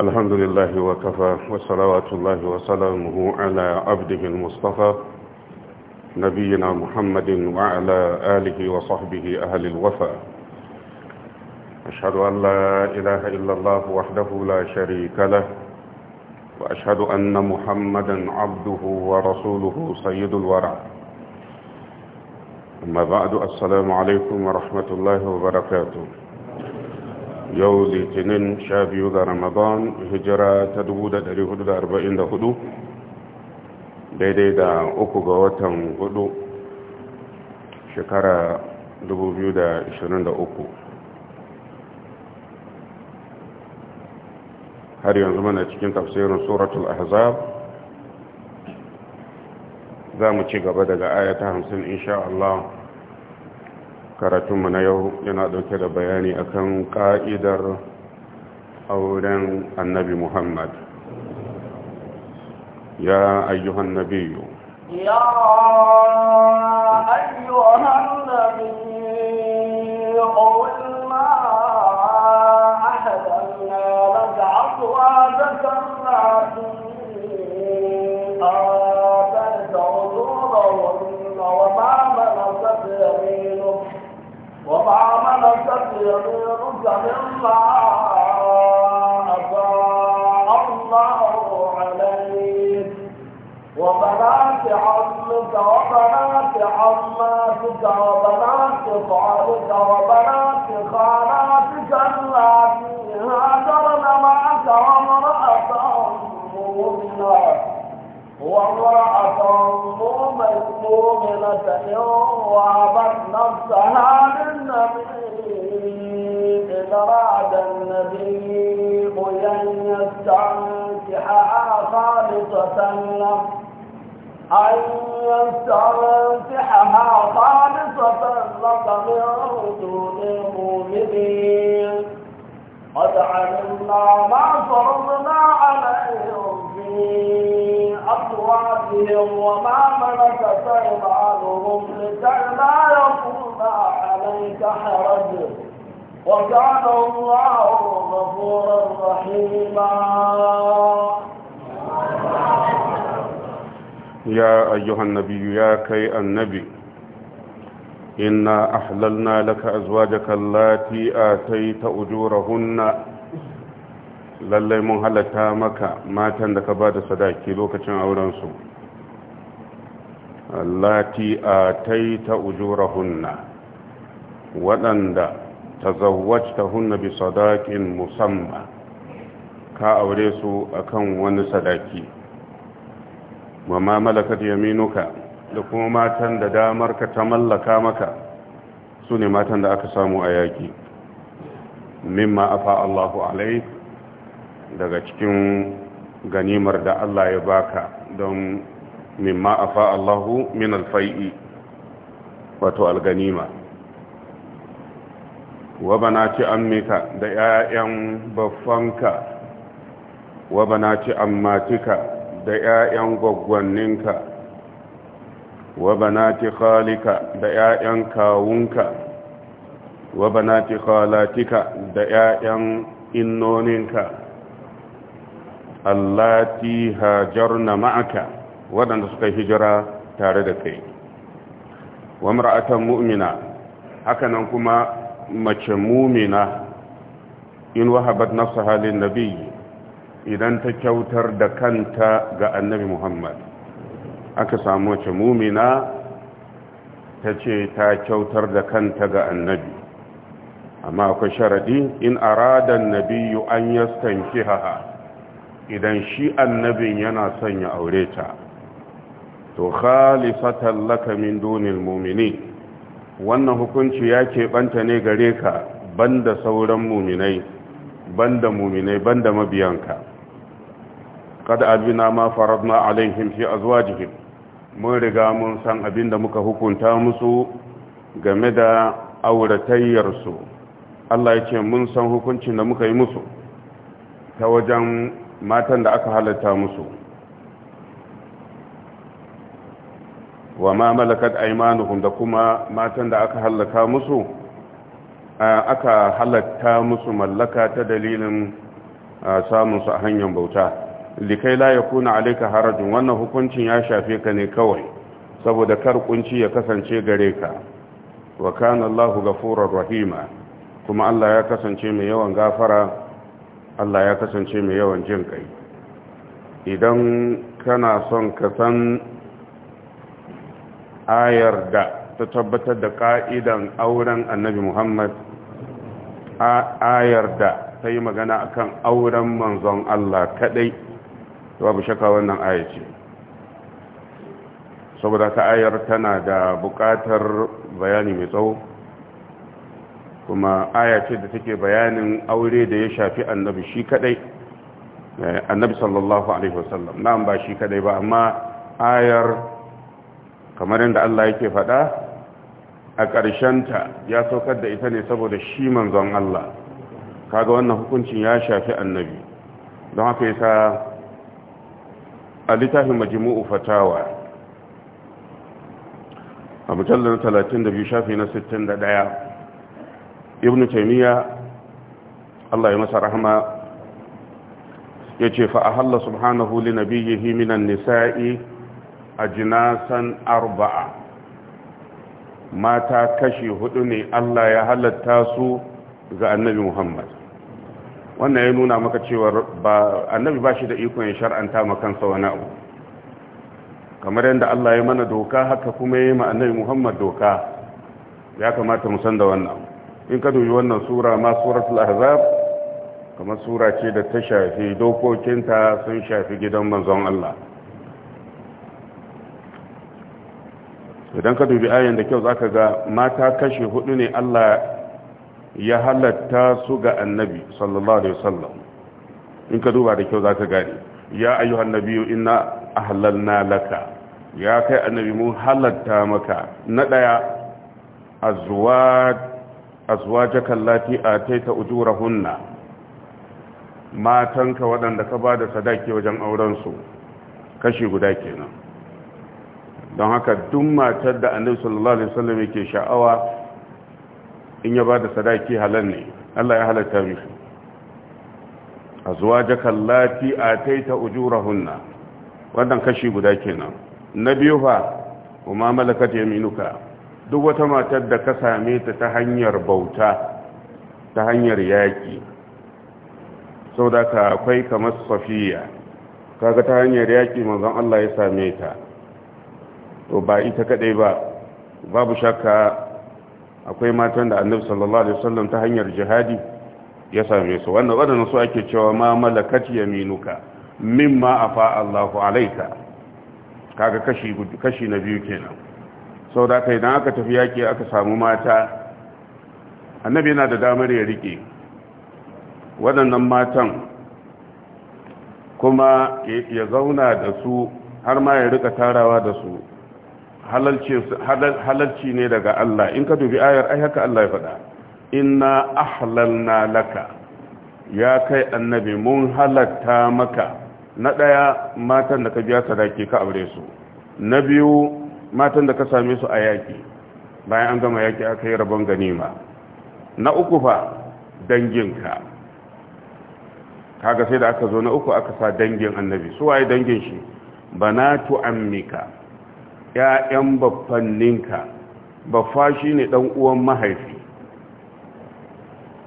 الحمد لله وكفى وصلوات الله وسلامه على عبده المصطفى نبينا محمد وعلى آله وصحبه أهل الوفاء أشهد أن لا إله إلا الله وحده لا شريك له وأشهد أن محمدا عبده ورسوله سيد الورع أما بعد السلام عليكم ورحمة الله وبركاته yau litinin sha biyu ga ramadan hijira ta 1444 daidai da uku ga watan hudu shekara 2023 har yanzu mana cikin tafsirin suratul ahzab za mu ci gaba daga ayata 50 insha Allah karatunmu na yau yana dauke da bayani akan ka'idar auren annabi muhammad ya ayyuhan nabiyu ya ayyuhan nabiyu qul ma ahlalna lak azwajaka وما ملكت يمينك مما أفاء الله عليك وبنات عمك وبنات عماتك وبنات خالك وبنات خالاتك اللاتي هاجرن معك وامرأة مؤمنة وامرأة مؤمنة إن وهبت نفسها للنبي إن أراد النبي أن يستنكحها خالصة له أن يستنكحها خالصة لك من دون المؤمنين قد علمنا ما فرضنا عليهم فيه أصواتهم وما ملك أيمانهم لكي لا يكون عليك حرج وكان الله غفورا رحيما يا أيها النبي يا كي النبي إنا أحللنا لك أزواجك اللاتي آتيت أجورهن lallai mun halatta maka matan da ka ba da sadaki lokacin aurensu lati a taita hunna waɗanda ta ta hunna bi sadakin musamman ka aure su akan wani sadaki mamma malakat yaminuka da kuma matan da damar ka ta mallaka maka su ne matan da aka samu a yaƙi mimma afa Allahu alaik daga cikin ganimar da Allah ya baka don mimma afa Allahu min alfai'i wato alganima wa ci ammika da 'ya'yan baffanka wa ci ammatika da 'ya'yan gwaggwanninka wa ci khalika da 'ya'yan kawunka wa ci khalatika da 'ya'yan innoninka allati hajarna ma'aka waɗanda suka hijira tare da kai wa mar'atan mu'mina hakanan kuma mace mu'mina in wahabat nafsaha lin nabiy idan ta kyautar da kanta ga annabi Muhammad aka samu mace mu'mina ta ce ta kyautar da kanta ga annabi amma akwai sharadi in aradan nabiyu an yastankihaha idan shi annabin yana son ya aure ta to khalifatan laka min dunil mu'minin wannan hukunci ya keɓanta ne gare ka banda sauran muminai banda muminai banda mabiyanka kada abina ma faradna alaihim fi azwajihim mun riga mun san abinda muka hukunta musu game da auratayyarsu Allah ya ce mun san hukuncin da muka yi musu ta wajen matan da aka halatta musu wa ma malakat aimanuhum da kuma matan da aka halaka musu aka halatta musu mallaka ta dalilin samun su a hanyar bauta likai la yakuna alayka harajun wannan hukuncin ya shafe ka ne kawai saboda kar kunci ya kasance gare ka wa kana Allahu ghafurur rahima kuma Allah ya kasance mai yawan gafara Allah ya kasance mai yawan jin kai idan kana son ka san ayar da ta tabbatar da ka'idan auren annabi Muhammad ayar da ta yi magana a kan auren manzon Allah kadai babu shaka wannan ce saboda ta ayar tana da bukatar bayani mai tsawo kuma aya ce da take bayanin aure da ya shafi annabi shi kadai eh, annabi sallallahu alaihi wasallam na'am ba shi kadai ba amma ayar kamar yadda Allah yake faɗa a ta ya saukar da ita ne saboda shi manzon Allah kaga wannan hukuncin ya shafi annabi don haka yasa a littafin majmu'u fatawa a mujallar 32 shafi na 61 ibn taymiya Allah ya masa rahama ce fa ahalla subhanahu li nabiyhi minan nisa'i jinasan arba'a mata kashi hudu ne Allah ya halatta su ga annabi Muhammad wannan ya nuna maka cewa ba annabi ba shi da ikon shar'anta ma kansa wani abu kamar yadda Allah ya mana doka haka kuma ya yi ma annabi Muhammad doka ya kamata mu san da wannan in ka dubi wannan sura ma suratul ahzab kamar sura ce da ta shafi dokokinta sun shafi gidan manzon Allah idan ka dubi ayan da kyau zaka ga mata kashe hudu ne Allah ya halatta su ga annabi sallallahu alaihi wasallam in ka duba da kyau zaka gane ya ayyuhan nabiyyu inna ahlalna laka ya kai annabi mun halatta maka na daya azuwa. azwajaka allati ataita ujurahunna matanka waɗanda ka da sadaki wajen auren kashi guda kenan don haka duk matar da annabi sallallahu alaihi wasallam yake sha'awa in ya bada sadaki halal ne Allah ya halatta mishi azwajaka allati ataita ujurahunna wannan kashi guda kenan na biyu fa kuma malakat yaminuka duk wata matar da ka same ta ta hanyar bauta ta hanyar yaƙi sau da ka akwai kamar safiya kaga ta hanyar yaƙi mazan Allah ya same ta to ba ita kaɗai ba babu shakka akwai matan da annabi sallallahu alaihi wasallam ta hanyar jihadi ya same su wannan wadannan su ake cewa ma malakat yaminuka mimma afa Allahu alaika kaga kashi kashi na biyu kenan sau da kai idan aka tafi yaƙi aka samu mata annabi yana da damar ya riƙe waɗannan matan kuma ya zauna da su har ma ya rika tarawa da su halarci ne daga Allah in ka dubi ayar ai haka Allah ya faɗa inna ahlalna laka ya kai annabi mun halatta maka na ɗaya matan da ka biya sadaki ka aure su na biyu matan da ka same su a yaƙi bayan an gama yaƙi aka yi rabon ganima na uku fa danginka kaga sai da aka zo na uku aka sa dangin annabi su waye dangin shi banatu ammika ƴaƴan baffanninka baffa shine dan uwan mahaifi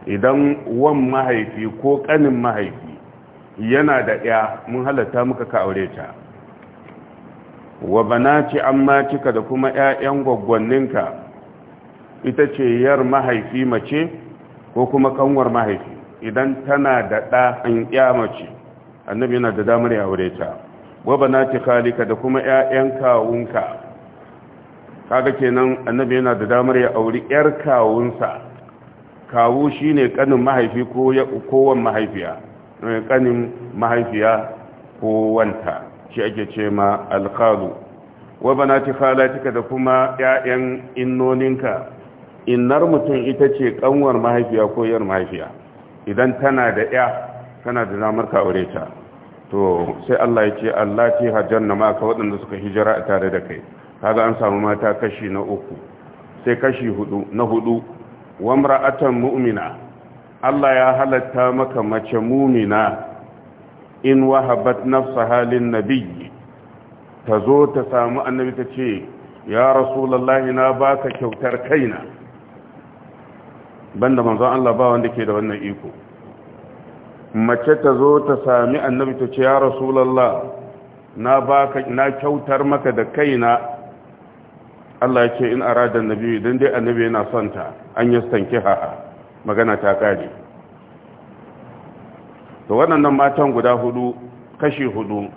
idan uwan mahaifi ko kanin mahaifi yana da ɗaya. mun halatta muka ka aure ta wa banati kika da kuma ƴaƴan gwaggwanninka ita ce yar mahaifi mace ko kuma kanwar mahaifi idan tana da ɗa an ƴa mace annabi yana da damar ya aure ta wa banati khalika da kuma ƴaƴan kawunka kaga kenan annabi yana da damar ya auri ƴar kawunsa kawu shine kanin mahaifi ko kowan mahaifiya kanin eh, mahaifiya ko wanta shi ake ce ma alkhalu wa banati cika da kuma ƴaƴan innoninka innar mutum ita ce ƙanwar mahaifiya ko yar mahaifiya idan tana da ƴa tana da damar ka aure ta to sai Allah ya ce Allah ce hajjanna ma ka waɗanda suka hijira a tare da kai kaga an samu mata kashi na uku sai kashi hudu na hudu wamra'atan mu'mina Allah ya halatta maka mace mu'mina in wahabat halin nabi ta zo ta samu annabi ta ce ya rasulallahi na ba ka kyautar kaina banda manzon Allah ba wanda ke da wannan iko mace ta zo ta sami annabi ta ce ya rasulallah na ka na kyautar maka da kaina Allah ya ce in arada nabi dan dai annabi yana son ta an yi stankiha magana ta kare to waɗannan matan guda hudu kashi hudu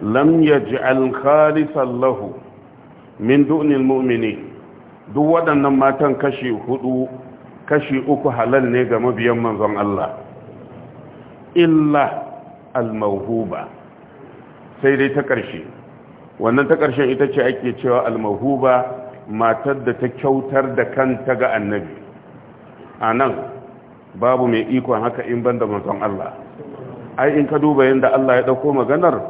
lam yaj'al khalisan lahu min mu'mini duk waɗannan matan kashi hudu kashi uku halal ne ga mabiyan manzon Allah illa al sai dai ta ƙarshe wannan ta ƙarshen ita ce ake cewa al matar da ta kyautar da kanta ga annabi a nan. babu mai ikon haka in banda manzon Allah ai in ka duba yadda Allah ya dauko maganar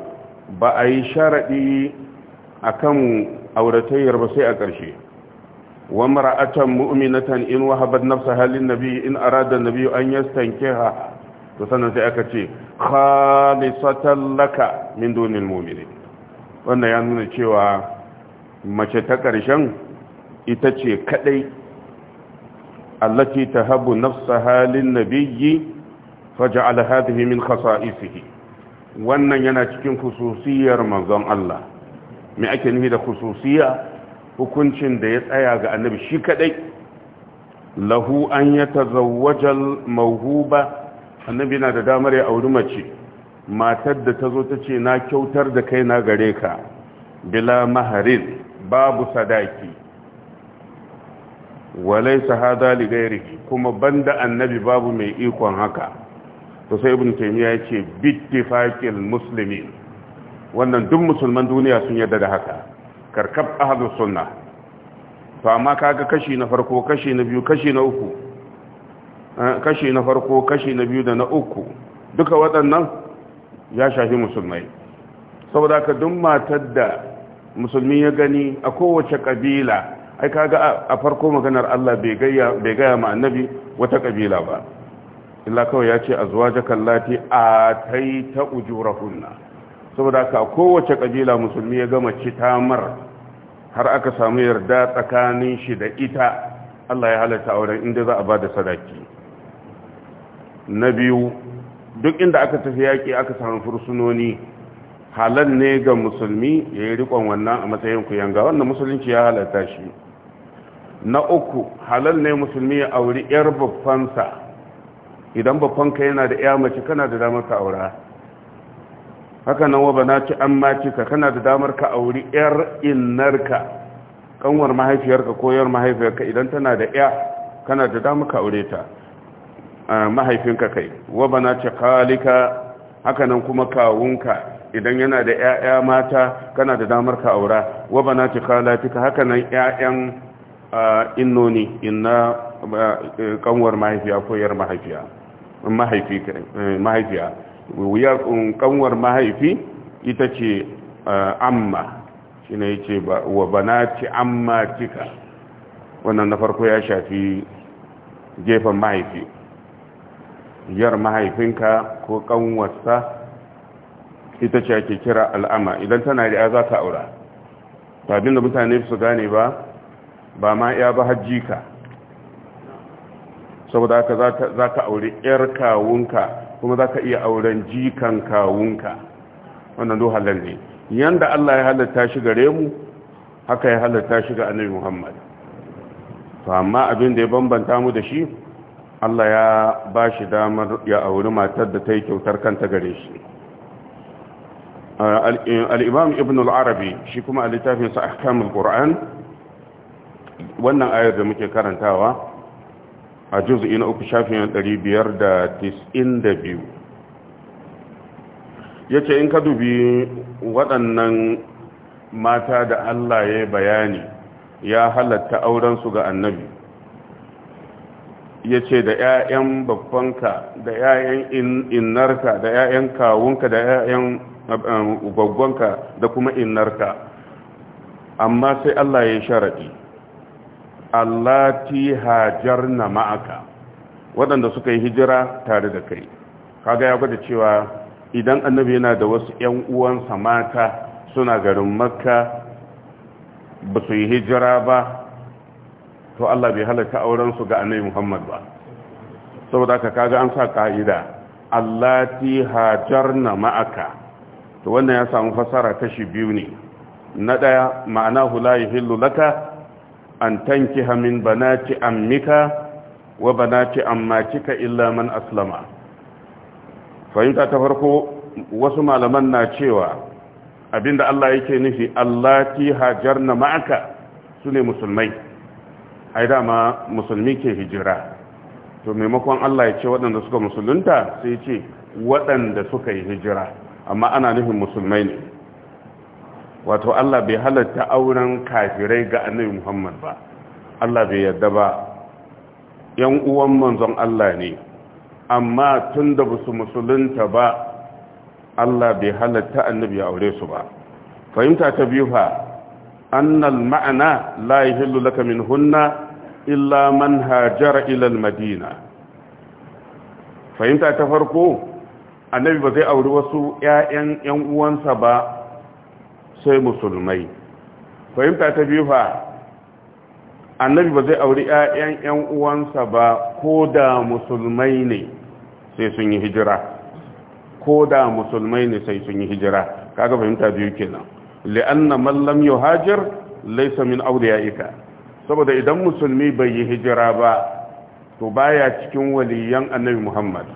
ba a yi sharadi akan auratayyar ba sai a ƙarshe wa mar'atan mu'minatan in wahabat nafsaha lin nabi in arada nabi an yastankiha to sannan sai aka ce khalisatan laka min dunil mu'minin wannan ya nuna cewa mace ta ƙarshen ita ce kadai التي تهب نفسها للنبي فجعل هذه من خصائصه wannan yana cikin khususiyar manzon Allah me ake nufi da khususiya hukuncin da ya tsaya ga annabi shi kadai lahu an yatazawwaja mawhuba annabi na da damar ya auri mace matar da tazo tace na kyautar da kaina gare ka bila maharin babu sadaki walaisa hada li kuma banda annabi babu mai ikon haka to sai ibn taymiya yace bittifaqil muslimin wannan duk musulman duniya sun yarda da haka karkab ahlus sunna to amma kaga kashi na farko kashi na biyu kashi na uku eh, kashi na farko kashi na biyu da na uku duka waɗannan ya shafi musulmai saboda ka duk matar da musulmi ya gani a kowace kabila ai kaga a farko maganar Allah bai gaya ma annabi wata kabila ba illa kawai ya ce azwajaka allati ataita ujurahunna saboda ka kowace kabila musulmi ya gama citamar har aka samu yarda tsakanin shi da ita Allah ya halatta auren inda za a bada sadaki na biyu duk inda aka tafi yaki aka samu fursunoni halal ne ga musulmi ya yi rikon wannan a matsayin kuyanga wannan musulunci ya halatta shi na uku halal ne musulmi ya auri yar babbansa idan babbanka yana da ya mace kana da damar ka aura haka nan waba na ci an maci ka kana da damar ka auri yar innarka kanwar mahaifiyarka ko yar mahaifiyarka idan tana da ya kana da damar ka aure ta mahaifinka kai waba na ci kalika haka nan kuma kawunka idan yana da 'ya'ya mata kana da damar ka aura wa bana ci khalatika haka nan 'ya'yan innoni inna kanwar mahaifiya ko yar mahaifiya mahaifi eh, um, kanwar mahaifi ita ce amma shi ne ya ce wa bana ci amma cika? wannan na farko ya shafi gefen mahaifi yar mahaifinka ko kanwarsa ita ce ake kira al'ama idan tana da 'ya za ta aura tabin da mutane su gane ba ba ma ya ba hajjika saboda haka za ka aure 'yar kawunka kuma za ka iya auren jikan kawunka wannan do halar ne yanda Allah ya halatta shi gare mu haka ya halatta shi ga annabi Muhammad to amma abin da ya bambanta mu da shi Allah ya ba shi damar ya auri matar da ta yi kyautar kanta gare shi al-imam ibn al-arabi shi kuma a littafinsa ahkamul qur'an wannan ayar da muke karantawa a juz'i na uku shafin 592 yace in ka dubi waɗannan mata da Allah ya bayani ya halatta aurensu ga annabi ya ce da 'ya'yan babbanka da 'ya'yan innarka da 'ya'yan kawunka da 'ya'yan gwaggonka um, da kuma innarka amma sai Allah ya sharaɗi allati hajarna ma'aka waɗanda suka yi hijira tare da kai kaga ya gwada cewa idan annabi yana da wasu ƴan uwansa mata suna garin makka ba su yi hijira ba to Allah bai halatta auren su ga annabi Muhammad ba saboda ka kaga an sa ka'ida allati hajarna ma'aka to wannan ya samu fasara kashi biyu ne na ɗaya ma'ana hula yahillu laka an tankiha min banati ammika wa banati ammatika illa man aslama fahimta ta farko wasu malaman na cewa abinda Allah yake nufi allati hajarna ma'aka sune musulmai ai dama musulmi ke hijira to maimakon Allah ya ce waɗanda suka musulunta sai ce waɗanda suka yi hijira amma ana nufin musulmai ne wato Allah bai halatta auren kafirai ga annabi Muhammad ba Allah bai yadda ba yan uwan manzon Allah ne amma tunda da su musulunta ba Allah bai halatta annabi aure su ba fahimta ta biyu fa annal ma'ana la yahillu laka hunna illa man hajara ila madina fahimta ta farko annabi ba zai auri wasu ƴaƴan ƴan uwansa ba sai musulmai fahimta ta biyu fa annabi ba zai auri 'ya'yan 'yan uwansa ba ko da musulmai ne sai sun yi hijira ko da musulmai ne sai sun yi hijira kaga fahimta biyu kenan li'anna man lam yuhajir laysa min awliyaika saboda idan musulmi bai yi hijira ba to baya cikin waliyan annabi Muhammad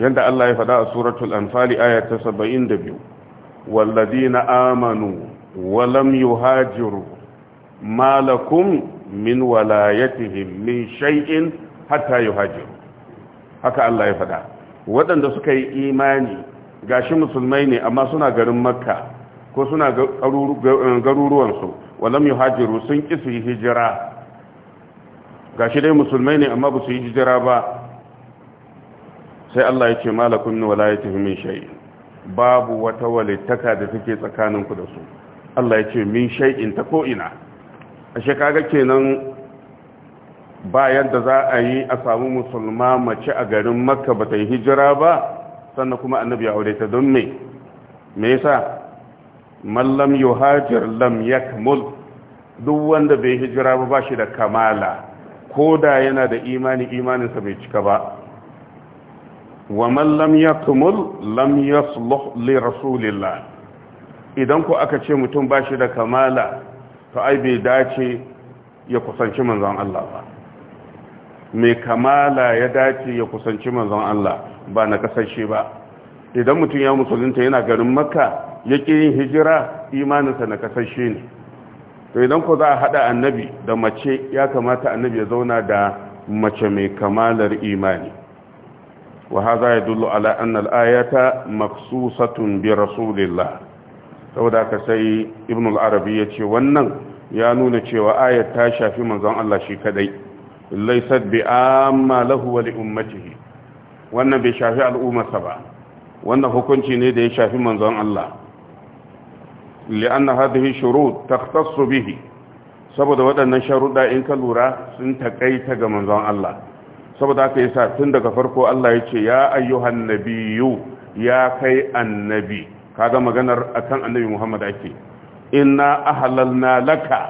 yadda Allah ya faɗa a suratul anfali aya ta 72 والذين Amanu ولم يهاجروا ما لكم من ولايتهم من شيء حتى haka Allah ya faɗa waɗanda suka yi imani gashi musulmai ne amma suna garin makka ko suna garuruwansu walam yi sun ƙi su yi hijira gashi dai musulmai ne amma ba su yi hijira ba sai Allah ya ce malakun wala ya min shayi babu wata walittaka da take tsakaninku da su Allah ya ce min shay'in ta ko'ina ashe kaga kenan bayan da za a yi a samu musulma mace a garin makka ba ta yi hijira ba sannan kuma annabi ya aure ta don me me yasa mallam yuhajir lam yakmul duk wanda bai hijira ba shi da kamala ko da yana da imani imaninsa bai cika ba wa man يكمل لم يصلح لرسول الله rasulillah idan ku aka ce mutum ba shi da kamala to ai bai dace ya kusanci manzon Allah ba mai kamala ya dace ya kusanci manzon Allah ba na kasashe ba idan mutum ya musulunta yana garin makka ya yin hijira imaninsa na kasashe ne to idan ku za a hada annabi da mace ya kamata annabi ya zauna da mace mai kamalar imani وهذا يدل على أن الآية مخصوصة برسول الله saboda ka sai ibn al-arabi ya ce wannan ya nuna cewa ayat ta shafi manzon Allah shi kadai laysat bi amma lahu wa li wannan bai shafi al'ummarsa ba wannan hukunci ne da ya shafi manzon Allah li'anna hadhihi shurut takhtassu bihi saboda waɗannan sharuɗa, in ka lura sun takaita ga manzon Allah saboda yi sa tun daga farko Allah ya ce ya ayyuhan nabiyu ya kai annabi kaga maganar akan annabi Muhammad ake inna ahlalna laka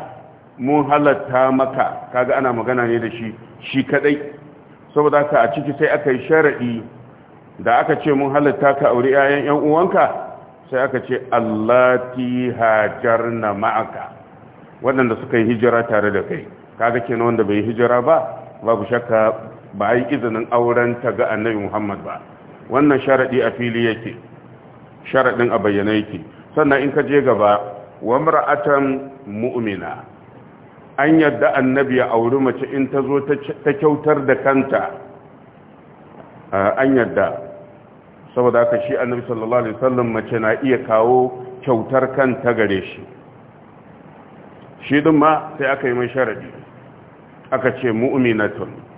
mun halatta maka kaga ana magana ne da shi shi kadai saboda haka a ciki sai aka yi sharadi da aka ce mun halatta ka auri 'ya'yan 'yan uwanka sai aka ce allati hajarna ma'aka waɗanda suka yi hijira tare da kai kaga kenan wanda bai hijira ba babu shakka ba a yi izinin auren ta ga annabi muhammad ba wannan sharaɗi a fili yake sharaɗin a bayyana yake sannan in ka je gaba wa mar'atan mu'mina an yadda annabi ya auri mace in ta zo ta kyautar da kanta an yadda saboda haka shi annabi sallallahu alaihi wasallam mace na iya kawo kyautar kanta gare shi shi din ma sai aka yi mai sharadi aka ce mu'minatun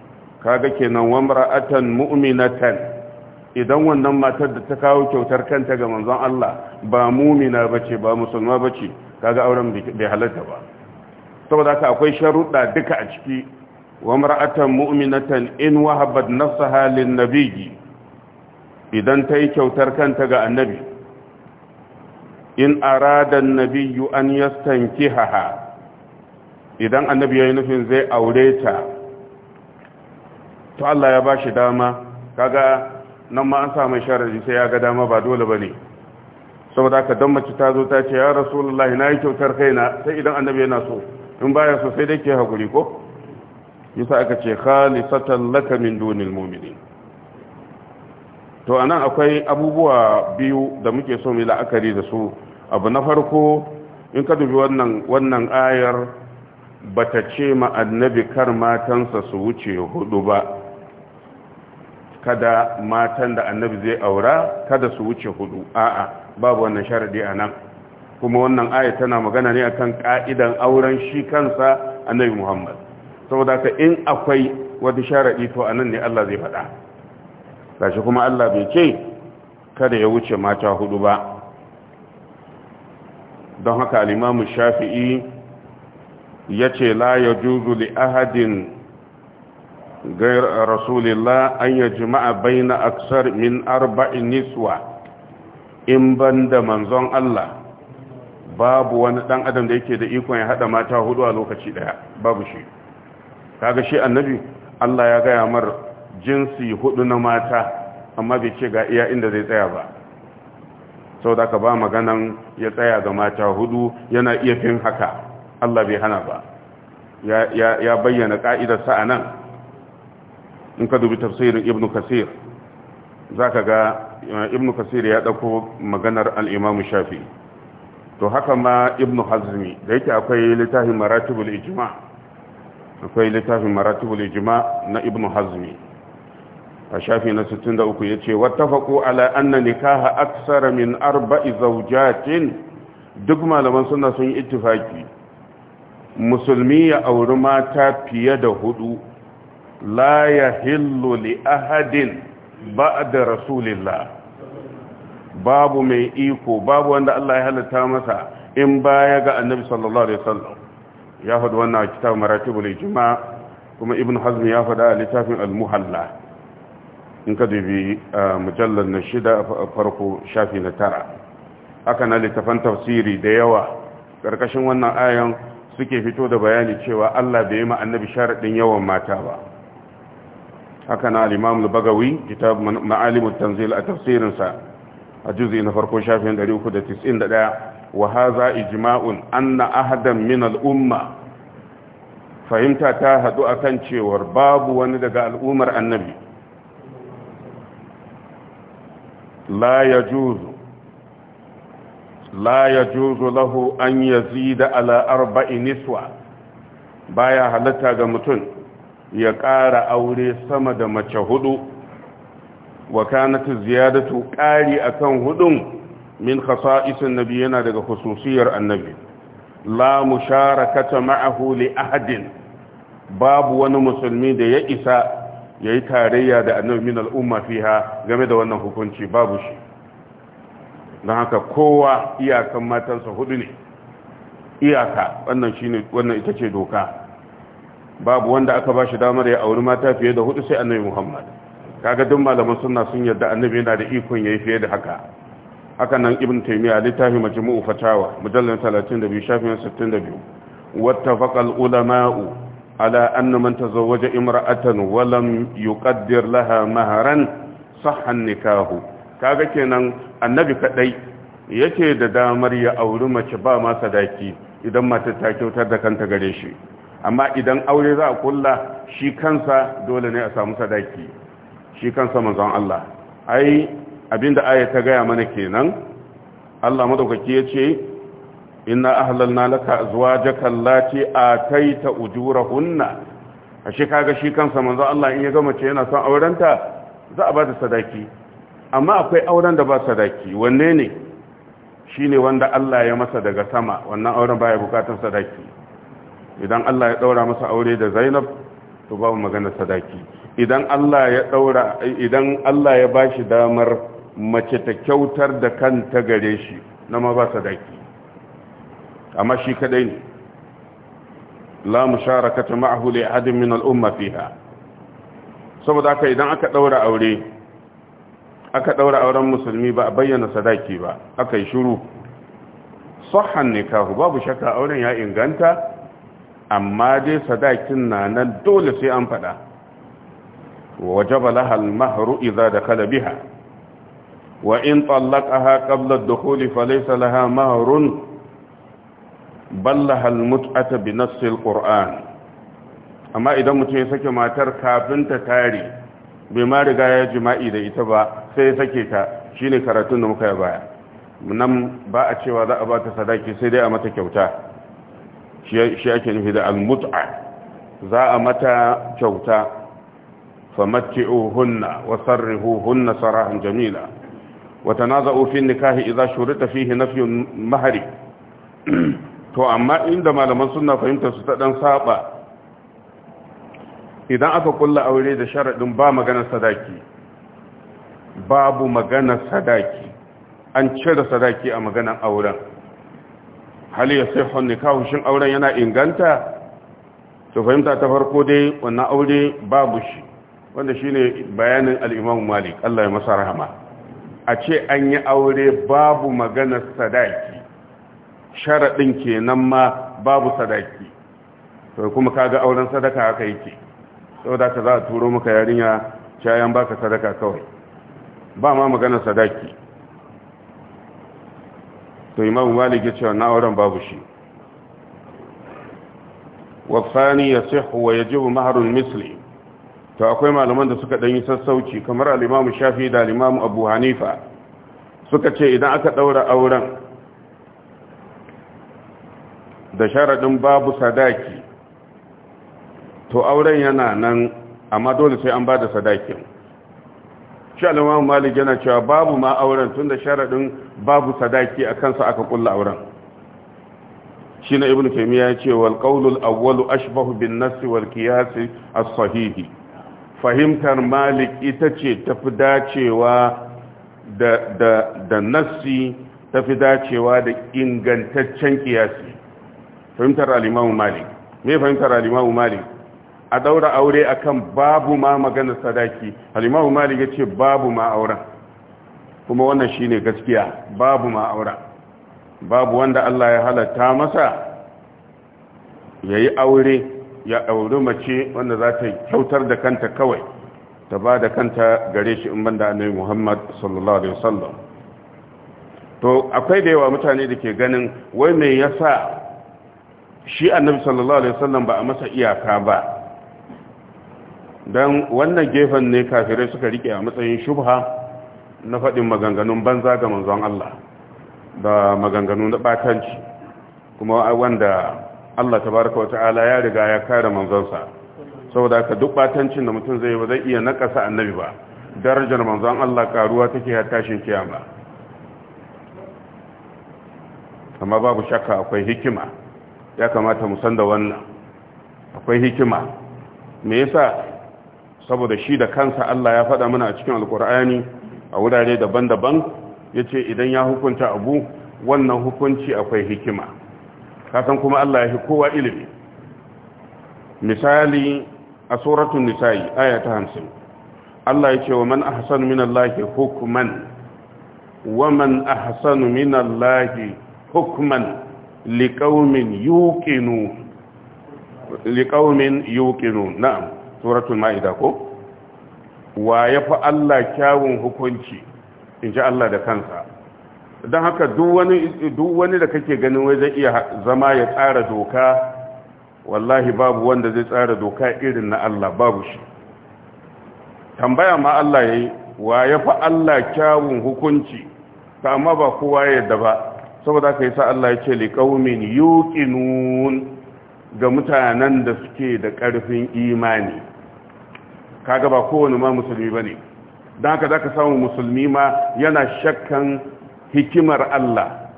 kaga kenan wamra'atan mu'minatan idan wannan matar da ta kawo kyautar kanta ga manzon Allah ba mu'mina bace ba musulma bace kaga auren bai halatta ba saboda haka akwai sharuɗa duka a ciki wamra'atan mu'minatan in wahabat nafsaha lin idan ta yi kyautar kanta ga annabi in aradan nabiyu an yastankihaha idan annabi ya yi nufin zai aure ta to Allah ya ba shi dama kaga nan ma an sa mai sharadi sai ya ga dama ba dole ba ne saboda haka don mace ta zo ta ce ya rasulullahi na yi kyautar kaina sai idan annabi yana so in baya so sai dai ke hakuri ko yasa aka ce khalisatan laka min dunil mu'minin to anan akwai abubuwa biyu da muke so mu la'akari da su abu na farko in ka dubi wannan wannan ayar bata ce ma annabi kar matansa su wuce hudu ba kada matan da annabi zai aura kada su wuce hudu a'a babu wannan sharadi a nan kuma wannan ayat tana magana ne akan ka'idan auren shi kansa annabi muhammad saboda ka in akwai wata sharadi to anan ne allah zai faɗa gashi kuma allah bai ce kada ya wuce mata hudu ba don haka al-Imam shafi'i yace la ya li ahadin غير رسول الله أن يجمع بين In من أربع نسوة إن بند منظم الله باب وندان أدم ديك دقيقون يهدى ما تهدو ألوك شيء باب شيء kaga shi annabi Allah ya gaya mar jinsi hudu na mata amma bai ce ga iya inda zai tsaya ba sau da ka ba maganan ya tsaya ga mata hudu yana iya fin haka Allah bai hana ba ya bayyana ƙa'idarsa a nan in ka dubi tafsirin ibn kasir za ka ga eh, ibn kasir ya ɗauko maganar al'imamu shafi to haka ma ibn hazmi da yake akwai littafin maratibul ijima akwai littafin maratibul ijima na ibn hazmi a shafi na 63 ya ce wattafaku ala anna nikaha aksara min arba'i zaujatin duk malaman suna sun yi ittifaki musulmi ya auri mata fiye da hudu la yahillu li ahadin ba'da rasulillah babu mai iko babu wanda Allah ya halatta masa in baya ga annabi sallallahu alaihi wasallam ya faɗi wannan a kitab maratibul kuma ibn hazm ya faɗa a littafin al-muhalla in ka dubi mujallar na shida farko shafi na tara haka na littafan tafsiri da yawa ƙarƙashin wannan ayan suke fito da bayani cewa Allah bai yi ma annabi ɗin yawan mata ba haka na al al-bagawi kitab ma'alim tanzil a tafsirinsa a juz'i na farko shafin 391 wa ijima'un an na ahadan min al'umma fahimta ta hadu kan cewar babu wani daga al'ummar annabi la juzu la juzu lahu an yazida ala arba'i niswa baya halatta ga mutum ya ƙara aure sama da mace hudu wa ta ziyadatu ƙari akan hudun min khasa'isin nabi yana daga hususiyar annabi la musharakata ma'ahu li ahadin babu wani musulmi da ya isa yayi tarayya da annabi min al'umma fiha game da wannan hukunci babu shi don haka kowa iyakan matansa hudu ne iyaka wannan shine wannan ita ce doka babu wanda aka ba shi damar ya auri mata fiye da hudu sai annabi muhammad kaga duk malaman sunna sun yarda annabi yana da ikon yayi fiye da haka haka nan ibn taymiya littafi majmu'u fatawa mujallal 32 shafin 62 wattafaqa al-ulama'u ala anna man tazawwaja imra'atan wa lam yuqaddir laha maharan sahha nikahu kaga kenan annabi kadai yake da damar ya auri mace ba ma sadaki idan matar ta kyautar da kanta gare shi amma idan aure za a kulla shi kansa dole ne a samu sadaki shi kansa manzon Allah ai abinda aya ta gaya mana kenan Allah madaukaki yace inna ahlalna laka azwajaka allati ataita ujurahunna ashe kaga shi kansa manzon Allah in ya ga mace yana son aurenta za a bada sadaki amma akwai auren da ba sadaki wanne ne shine wanda Allah ya masa daga sama wannan auren baya bukatar sadaki idan Allah ya ɗaura masa aure da Zainab to babu magana sadaki idan Allah ya daura idan Allah ya bashi damar mace ta kyautar da kanta gare shi na ma ba sadaki amma shi kadai ne la musharakata ma'ahu li ahadin min umma fiha saboda haka idan aka ɗaura aure aka ɗaura auren musulmi ba a bayyana sadaki ba aka yi shiru ne nikahu babu shakka auren ya inganta amma dai sadakin na nan dole sai an faɗa wajaba laha al-mahru idza dakala biha wa in talaqaha qabla ad-dukhul fa laha mahrun bal al-mut'ata bi nass al-qur'an amma idan mutum ya sake matar kafin ta tare bai ma riga ya jima'i da ita ba sai ya sake ta shine karatun da muka yi baya nan ba a cewa za a ba ta sadaki sai dai a mata kyauta shi ake nufi da almut'a za a mata kyauta famatti'uhunna wa sarrihuhunna sarahan jamila wa tanaza'u fi nikahi idza shurita fihi nafyun mahari to amma inda malaman sunna fahimta su ta dan saba idan aka kulla aure da sharaɗin ba maganar sadaki babu maganar sadaki an cire sadaki a maganar auren hali ya sai hannu kawo shi auren yana inganta to fahimta ta farko dai wannan aure babu shi wanda shi ne bayanin al'imam malik allah ya masa rahama a ce an yi aure babu maganar sadaki sharaɗin kenan ma babu sadaki to kuma kaga auren sadaka haka yake da ka za a turo maka yarinya cayan baka sadaka kawai ba ma maganar sadaki to imam malik yace na auren babu shi wasani ya sihu wa yajibu mahrul misli to akwai malaman da suka yi sassauci kamar al-imam shafi da al-imam abu hanifa suka ce idan aka ɗaura auren da ɗin babu sadaki to auren yana nan amma dole sai an bada da sadakin shi malik yana cewa babu ma auren tun da sharaɗin babu sadaki a kansa aka kulla auren shi na ibn taimiyya ya ce wal ƙaunul awwalu ashbahu bin nasi wa kiyasi as-sahihi fahimtar malik ita ce tafi dacewa da da da nassi tafi dacewa da ingantaccen kiyasi fahimtar al malik me fahimtar al malik a daura aure kan babu ma maganar sadaki halimahu mali ya ce babu ma auren kuma wannan shi ne gaskiya babu ma auren babu wanda Allah ya halatta masa ya yi aure ya auri mace wanda za ta kyautar da kanta kawai ta ba da kanta gare shi in banda annabi Muhammad sallallahu alaihi wasallam to akwai da yawa mutane da ke ganin wai mai yasa shi annabi sallallahu alaihi wasallam ba a masa iyaka ba don wannan gefen ne kafirai suka rike a matsayin shubha na faɗin maganganun banza ga manzon Allah da maganganu na batanci kuma wanda Allah ta baraka wa ta'ala ya riga ya kare manzonsa saboda ka duk batancin da mutum zai ba zai iya nakasa annabi ba darajar manzon Allah karuwa take har tashin kiyama amma babu shakka akwai hikima ya kamata mu san da wannan akwai hikima me yasa saboda shi da kansa Allah ya faɗa mana a cikin alkur'ani a wurare daban-daban ya ce idan ya hukunta abu wannan hukunci akwai hikima kasan kuma Allah ya fi kowa ilimi misali a suratun nisa'i aya ta hamsin Allah ya ce wa man ahsanu min hukman wa man ahsanu min hukman liqaumin yuqinu na'am suratul ma'ida ko wa ya fi Allah kyawun hukunci in ji Allah da kansa don haka duk wani da kake ganin wai zai iya zama ya tsara doka wallahi babu wanda zai tsara doka irin na Allah babu shi tambaya ma Allah ya yi wa ya fi Allah kyawun hukunci ta amma ba kowa yadda ba saboda ka yi sa Allah ya ce liƙaumin yuƙinun ga mutanen da suke da ƙarfin imani kaga ba kowane ma musulmi ba ne don haka za ka samu musulmi ma yana shakkan hikimar Allah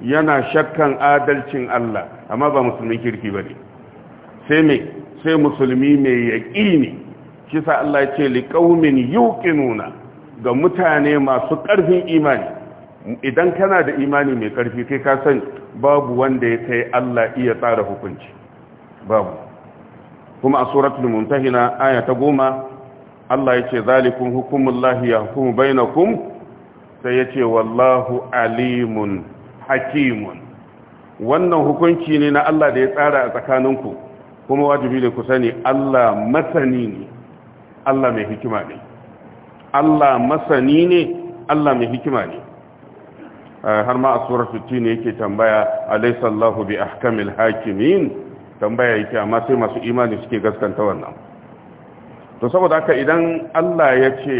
yana shakkan adalcin Allah amma ba musulmin kirki ba ne sai mai sai musulmi mai yaƙini kisa Allah ce liƙaumin nuna ga mutane masu ƙarfin imani idan kana da imani mai ƙarfi kai ka san babu wanda ya kai Allah iya tsara hukunci babu kuma a suratul mumtahina aya ta goma Allah ya ce zalikun hukumullahi ya hukumu bainakum sai ya ce wallahu alimun hakimun wannan hukunci ne na Allah da ya tsara a tsakaninku kuma wajibi ne ku sani Allah masani ne Allah mai hikima ne Allah masani ne Allah mai hikima ne eh, har ma a suratul tin yake tambaya alaysa Allahu bi ahkamil hakimin tambaya yake amma sai masu imani suke gaskanta wannan to saboda haka idan Allah ya ce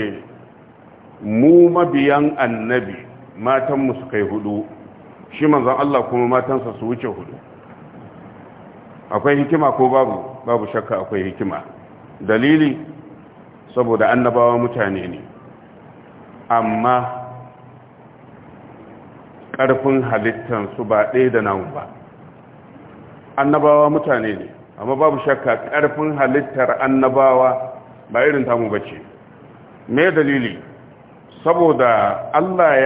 mu mabiyan annabi matan mu su kai hudu shi manzon Allah kuma matansa su wuce hudu akwai hikima ko babu babu shakka akwai hikima dalili saboda annabawa mutane ne amma ƙarfin halittansu ba ɗaya da namu ba annabawa mutane ne amma babu shakka ƙarfin halittar annabawa ba irin tamu bace me dalili saboda Allah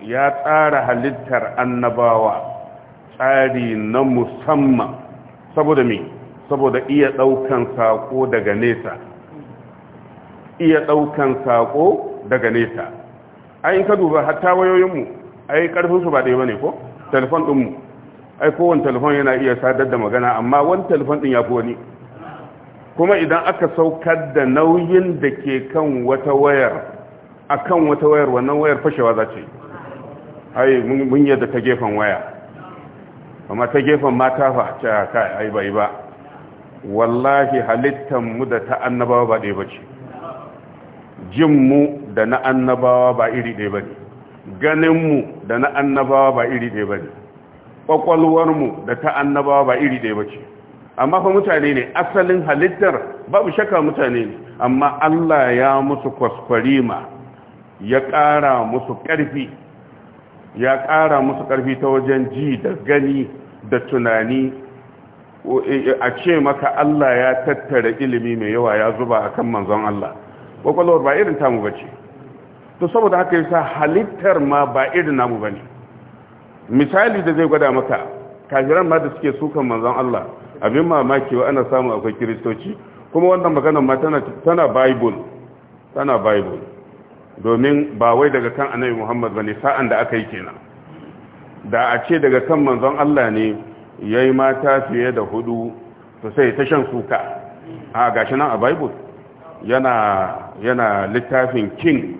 ya tsara halittar annabawa tsari na musamman saboda me saboda iya daukan sako daga nesa iya ɗaukan sako daga nesa ai in ka duba hatta wayoyinmu ai karfin su ba dai bane ko telefon ɗinmu. ai kowan telefon yana iya sadar da magana amma wani telefon din ya fi wani kuma idan aka saukar da nauyin da ke kan wata wayar a kan wata wayar wannan wayar fashewa za ce ai mun yadda ta gefen waya amma ta gefen mata fa ce kai ai bai ba wallahi halittar mu da ta annabawa ba ɗaya ba ce jin mu da na annabawa ba iri ɗaya ba ne ganin mu da na annabawa ba iri ɗaya ba ne mu da ta annabawa ba iri ɗaya ba ce amma fa mutane ne asalin halittar babu shakka mutane ne amma Allah ya musu kwaskwarima ya ƙara musu ƙarfi ya ƙara musu ƙarfi ta wajen ji da gani da tunani eh, a ce maka Allah ya tattara ilimi mai yawa ya zuba akan manzon Allah kwakwalwar ba irin tamu ba ce to saboda haka yasa halittar ma ba irin namu ba ne misali da zai gwada maka kafiran ma da suke sukan manzon Allah abin mamaki wa ana samu akwai kiristoci kuma wannan maganar ma tana tana bible tana bible domin ba wai daga kan annabi Muhammad bane sa'an da aka yi kenan da a ce daga kan manzon Allah ne yayi mata fiye da hudu to sai ta shan suka a gashi nan a bible yana yana littafin king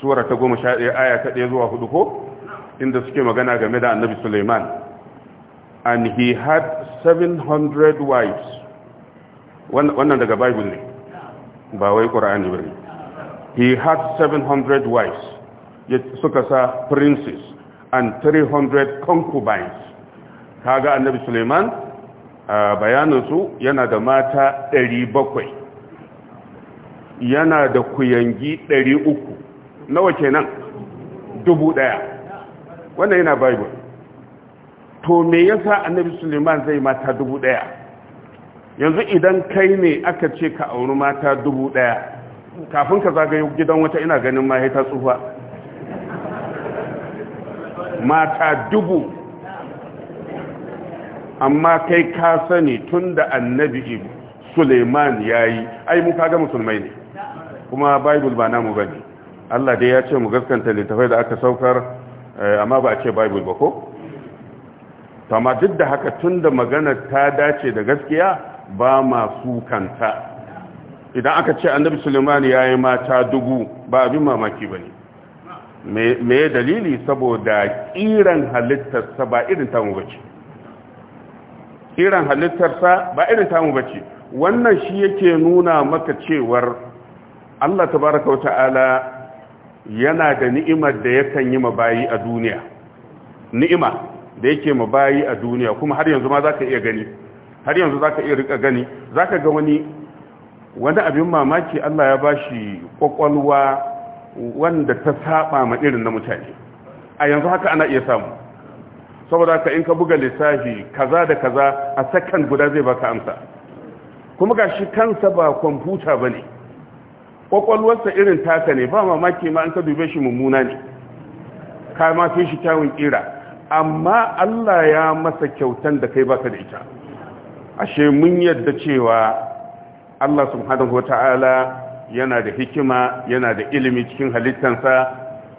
sura ta 11 aya ta 1 zuwa 4 ko inda suke magana game da annabi Suleiman and he had 700 wives wannan daga bible ne ba wai qur'ani bane he had 700 wives suka sa princes and 300 concubines kaga annabi Suleiman bayanin su yana da mata 700 yana da kuyangi 300 nawa kenan dubu daya wannan yana bible to me yasa annabi suleiman zai mata dubu daya yanzu idan kai ne aka ce ka auri mata dubu daya kafin ka zagaye gidan wata ina ganin ma ta tsufa mata dubu amma kai ka sani tun da annabi suleiman ya yi ai mu kaga musulmai ne kuma bible ba namu bane allah dai ya ce mu gaskanta littafai da aka saukar Eh, amma ba a ce bible ba ko to amma duk da haka tun da magana ta dace da gaskiya ba ma kanta, idan aka ce annabi suleiman ya yi mata dubu ba abin mamaki ba ne me dalili saboda kiran halittarsa ba irin tamu bace ƙiran halittarsa ba irin tamu bace wannan shi yake nuna maka cewar allah tabaraka wa ta'ala yana da ni'imar da yakan yi mabayi a duniya ni'ima da yake mabayi a duniya kuma har yanzu ma za ka iya gani har yanzu za ka iya rika gani za ka ga wani wani abin mamaki Allah ya ba shi kwakwalwa wanda ta saba ma irin na mutane a yanzu haka ana iya samu saboda ka in ka buga lissafi kaza da kaza a sakan guda zai baka amsa kuma gashi kansa ba kwamfuta ba kwakwalwarsa irin taka ne ba mamaki ma an ka dube shi mummuna ne ka ma fi shi kyawun kira amma Allah ya masa kyautan da kai baka da ita ashe mun yadda cewa Allah subhanahu wataala yana da hikima yana da ilimi cikin halittansa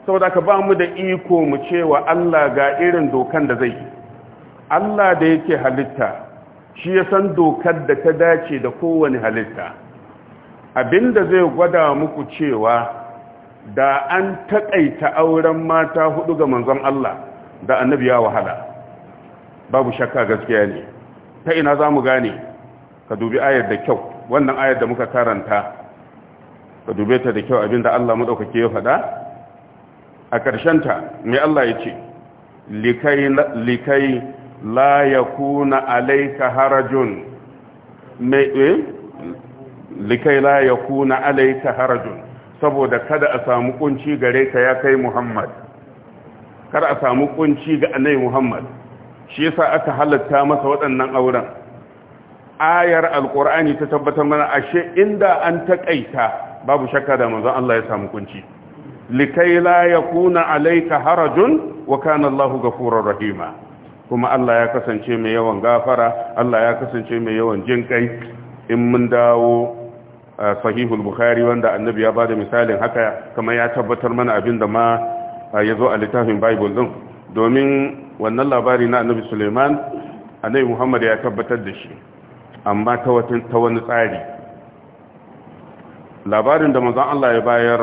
saboda ka ba mu da iko mu cewa Allah ga irin dokan da zai Allah da yake halitta shi ya san dokar da ta dace da kowane halitta abinda zai gwada muku cewa da an taƙaita auren mata hudu ga manzon Allah da annabi ya wahala babu shakka gaskiya ne ta ina za mu gane ka dubi ayar da kyau wannan ayar da muka karanta ka dube ta da kyau abinda Allah maɗaukake ya faɗa a ƙarshenta mai Allah ya ce likai la ya kuna alaika harajun mai likai la kuna alayka harajun saboda kada a samu kunci gare ka ya kai Muhammad kada a samu kunci ga annabi Muhammad shi yasa aka halatta masa waɗannan auren ayar alqur'ani ta tabbatar mana ashe inda an takaita babu shakka da manzon Allah ya samu kunci likai la kuna alayka harajun wa kana Allahu ghafurur rahima kuma Allah ya kasance mai yawan gafara Allah ya kasance mai yawan jinkai in mun dawo sahihul bukhari wanda annabi ya bada misalin haka kamar ya tabbatar mana abin da ma ya zo a littafin bible din domin wannan labari na annabi suleiman annabi muhammad ya tabbatar da shi amma ta wani tsari labarin da manzon Allah ya bayar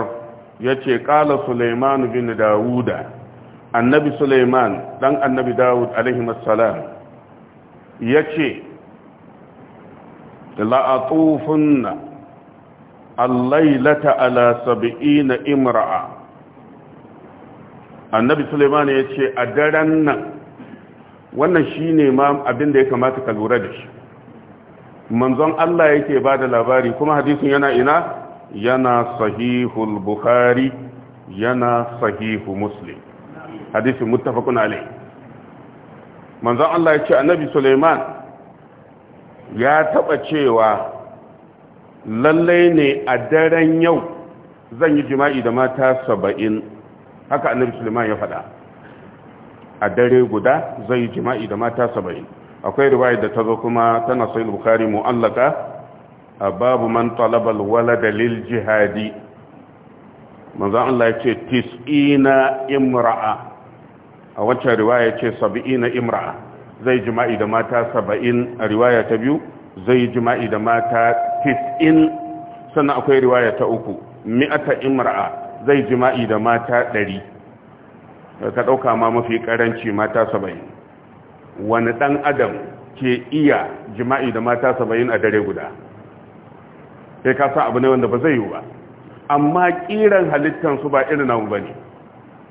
ya ce ƙala suleiman bin dawuda annabi suleiman ɗan annabi dawud alaihimassalam ya ce la'atufunna allailata ala sab'ina imra'a annabi suleiman ya ce a daren nan wannan shine ma abin da ya kamata ka lura da shi manzon Allah yake ba da labari kuma hadisin yana ina yana sahihul bukhari yana sahihu muslim hadisin muttafaqun alayh manzon Allah ya ce annabi Suleiman ya taba cewa lallai ne a daren yau zan yi jima'i da mata saba'in haka annabi suleiman ya faɗa a dare guda zan yi jima'i da mata saba'in akwai riwaya da ta zo kuma tana sai bukari mu'allaka a babu man talabal wala dalil jihadi manzo Allah ya ce tis'ina imra'a a wacce riwaya ce sab'ina imra'a zai jima'i da mata saba'in a riwaya ta biyu zai yi jima'i da mata tis'in sannan akwai riwaya ta uku mi'ata imra'a zai jima'i da mata ɗari ka ɗauka ma mafi ƙaranci mata saba'in wani ɗan adam ke iya jima'i da mata saba'in a dare guda sai ka sa abu ne wanda ba zai yi ba amma ƙiran halittansu ba irin namu ba ne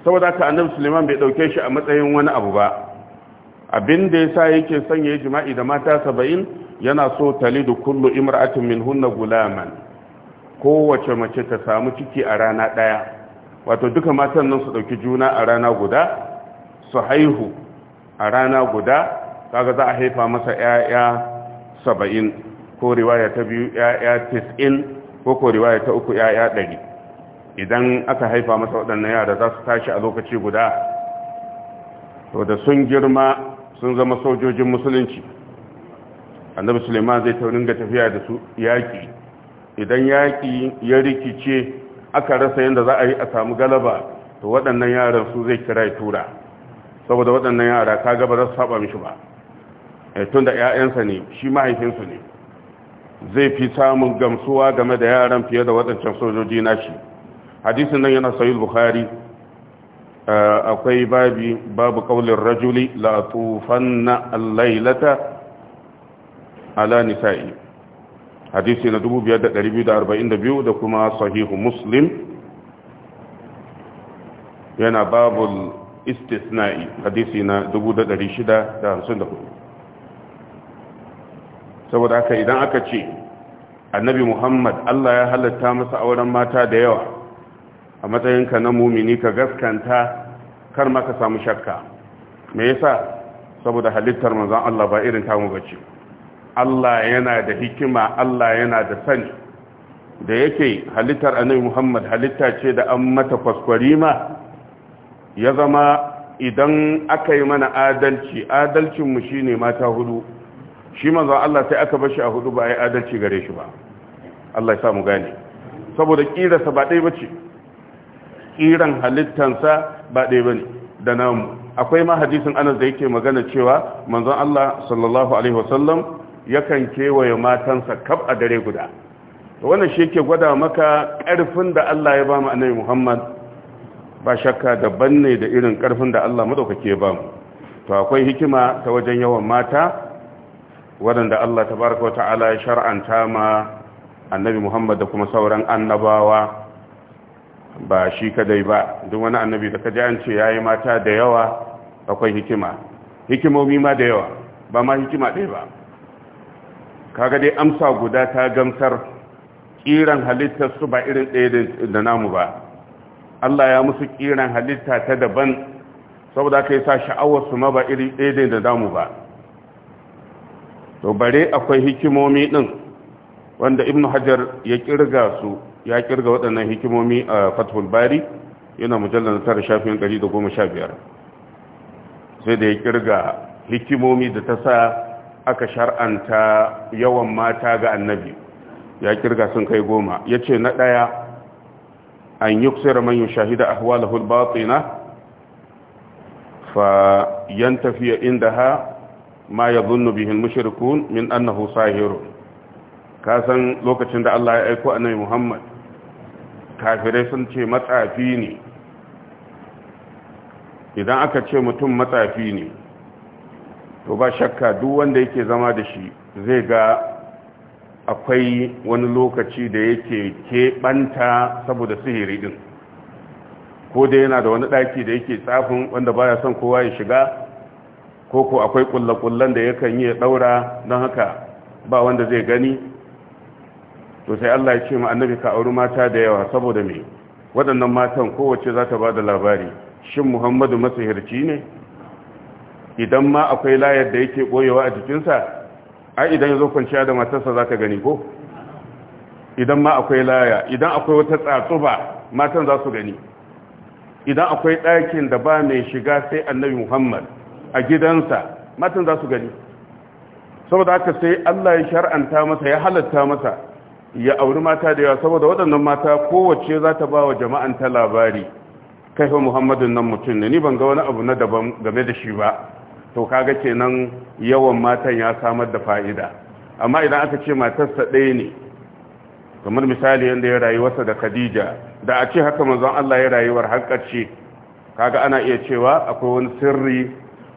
saboda ka annabi suleiman bai ɗauke shi a matsayin wani abu ba abin da ya sa yake sanya jima'i da mata saba'in yana so talidu kullu imra'atin minhunna gulaman kowace mace ta samu ciki a rana daya wato duka matan nan su dauki juna a rana guda su haihu a rana guda kaga za a haifa masa yaya 70 ko riwaya ta biyu yaya 90 ko ko riwaya ta uku yaya 100 idan aka haifa masa waɗannan yara za su tashi a lokaci guda to da sun girma sun zama sojojin musulunci annabi suleiman zai taurin ga tafiya da su yaƙi idan yaƙi ya rikice aka rasa yadda za a yi a samu galaba to waɗannan yaran su zai kira ya tura saboda waɗannan yara ka gaba za su saba mishi ba eh, tun da 'ya'yansa ne shi mahaifinsu ne zai fi samun gamsuwa game da yaran fiye da waɗancan sojoji shi hadisin nan yana sayil bukhari eh, akwai babi babu kaulin rajuli la tufan na lailata ala nisa'i hadisi na 2242 da kuma sahihu muslim yana babul istisna'i hadisi na 6654 saboda haka idan aka ce annabi muhammad allah ya halatta masa auren mata da yawa a matsayinka na mumini ka gaskanta kar maka samu shakka me yasa saboda halittar manzon allah ba irin tamu bace Allah yana da hikima Allah yana da sani da yake halittar annabi Muhammad halitta ce da an mata kwaskwarima ya zama idan aka yi mana adalci adalcinmu mu shine mata hudu shi manzo Allah sai aka bashi a hudu ba ai yi adalci gare shi ba Allah ya samu gane saboda sa ba ɗaya ba ce halittan halittansa ba ɗaya bane da namu akwai ma hadisin anas da yake magana cewa manzon Allah sallallahu alaihi wasallam yakan kewaye matansa kaf a dare guda wannan shi ke gwada maka ƙarfin da Allah ya ba mu annabi Muhammad ba shakka daban ne da irin ƙarfin da Allah madaukake ba mu to akwai hikima ta wajen yawan mata waɗanda Allah tabaraka wa ta'ala ya shar'anta ma annabi Muhammad da kuma sauran annabawa ba shi kadai ba duk wani annabi da kaji an ce yayi mata da yawa akwai hikima hikimomi ma da yawa ba ma hikima ɗaya ba kaga dai amsa guda ta gamsar kiran halittar su ba irin ɗaya da namu ba Allah ya musu kiran halitta ta daban saboda kai yi sa sha'awar su ma ba irin ɗaya da namu ba to bare akwai hikimomi din wanda ibn hajar ya kirga su ya kirga waɗannan hikimomi a fathul bari yana mujallar tara shafin 115 sai da ya kirga hikimomi da ta sa aka shar'anta yawan mata ga annabi ya kirga sun kai goma ya ce na ɗaya an yi kusura man yi shahida ahwalahul batina fa yan tafiya inda ha ma ya zunnu bihin mushrikun min annahu sahiru ka san lokacin da Allah ya aiko annabi Muhammad kafirai sun ce matsafi ne idan aka ce mutum matsafi ne to ba shakka duk wanda yake zama da shi zai ga akwai wani lokaci da yake keɓanta saboda sihiri din ko da yana da wani ɗaki da yake tsafin wanda baya son kowa ya shiga ko ko akwai ƙullaƙullan da yakan yi ya ɗaura don haka ba wanda zai gani to sai Allah ya ce ma annabi ka auri mata da yawa saboda me waɗannan matan kowace za ta ba labari shin muhammadu masihirci ne idan ma akwai layar da yake boyewa a jikinsa ai idan ya zo kwanciya da matarsa za ka gani ko idan ma akwai laya idan akwai wata tsatsuba matan za su gani idan akwai ɗakin da ba mai shiga sai annabi muhammad a gidansa matan za su gani saboda haka sai allah ya shar'anta masa ya halatta masa ya auri mata da yawa saboda waɗannan mata kowace za ta ba wa jama'anta labari kaifa muhammadun nan mutum ne ni ban ga wani abu na daban game da shi ba to kaga kenan yawan matan ya samar da fa'ida amma idan aka ce matarsa ɗaya ne kamar misali yadda ya rayuwarsa da khadija da a ce haka manzon Allah ya rayuwar hankarci kaga ana iya cewa akwai wani sirri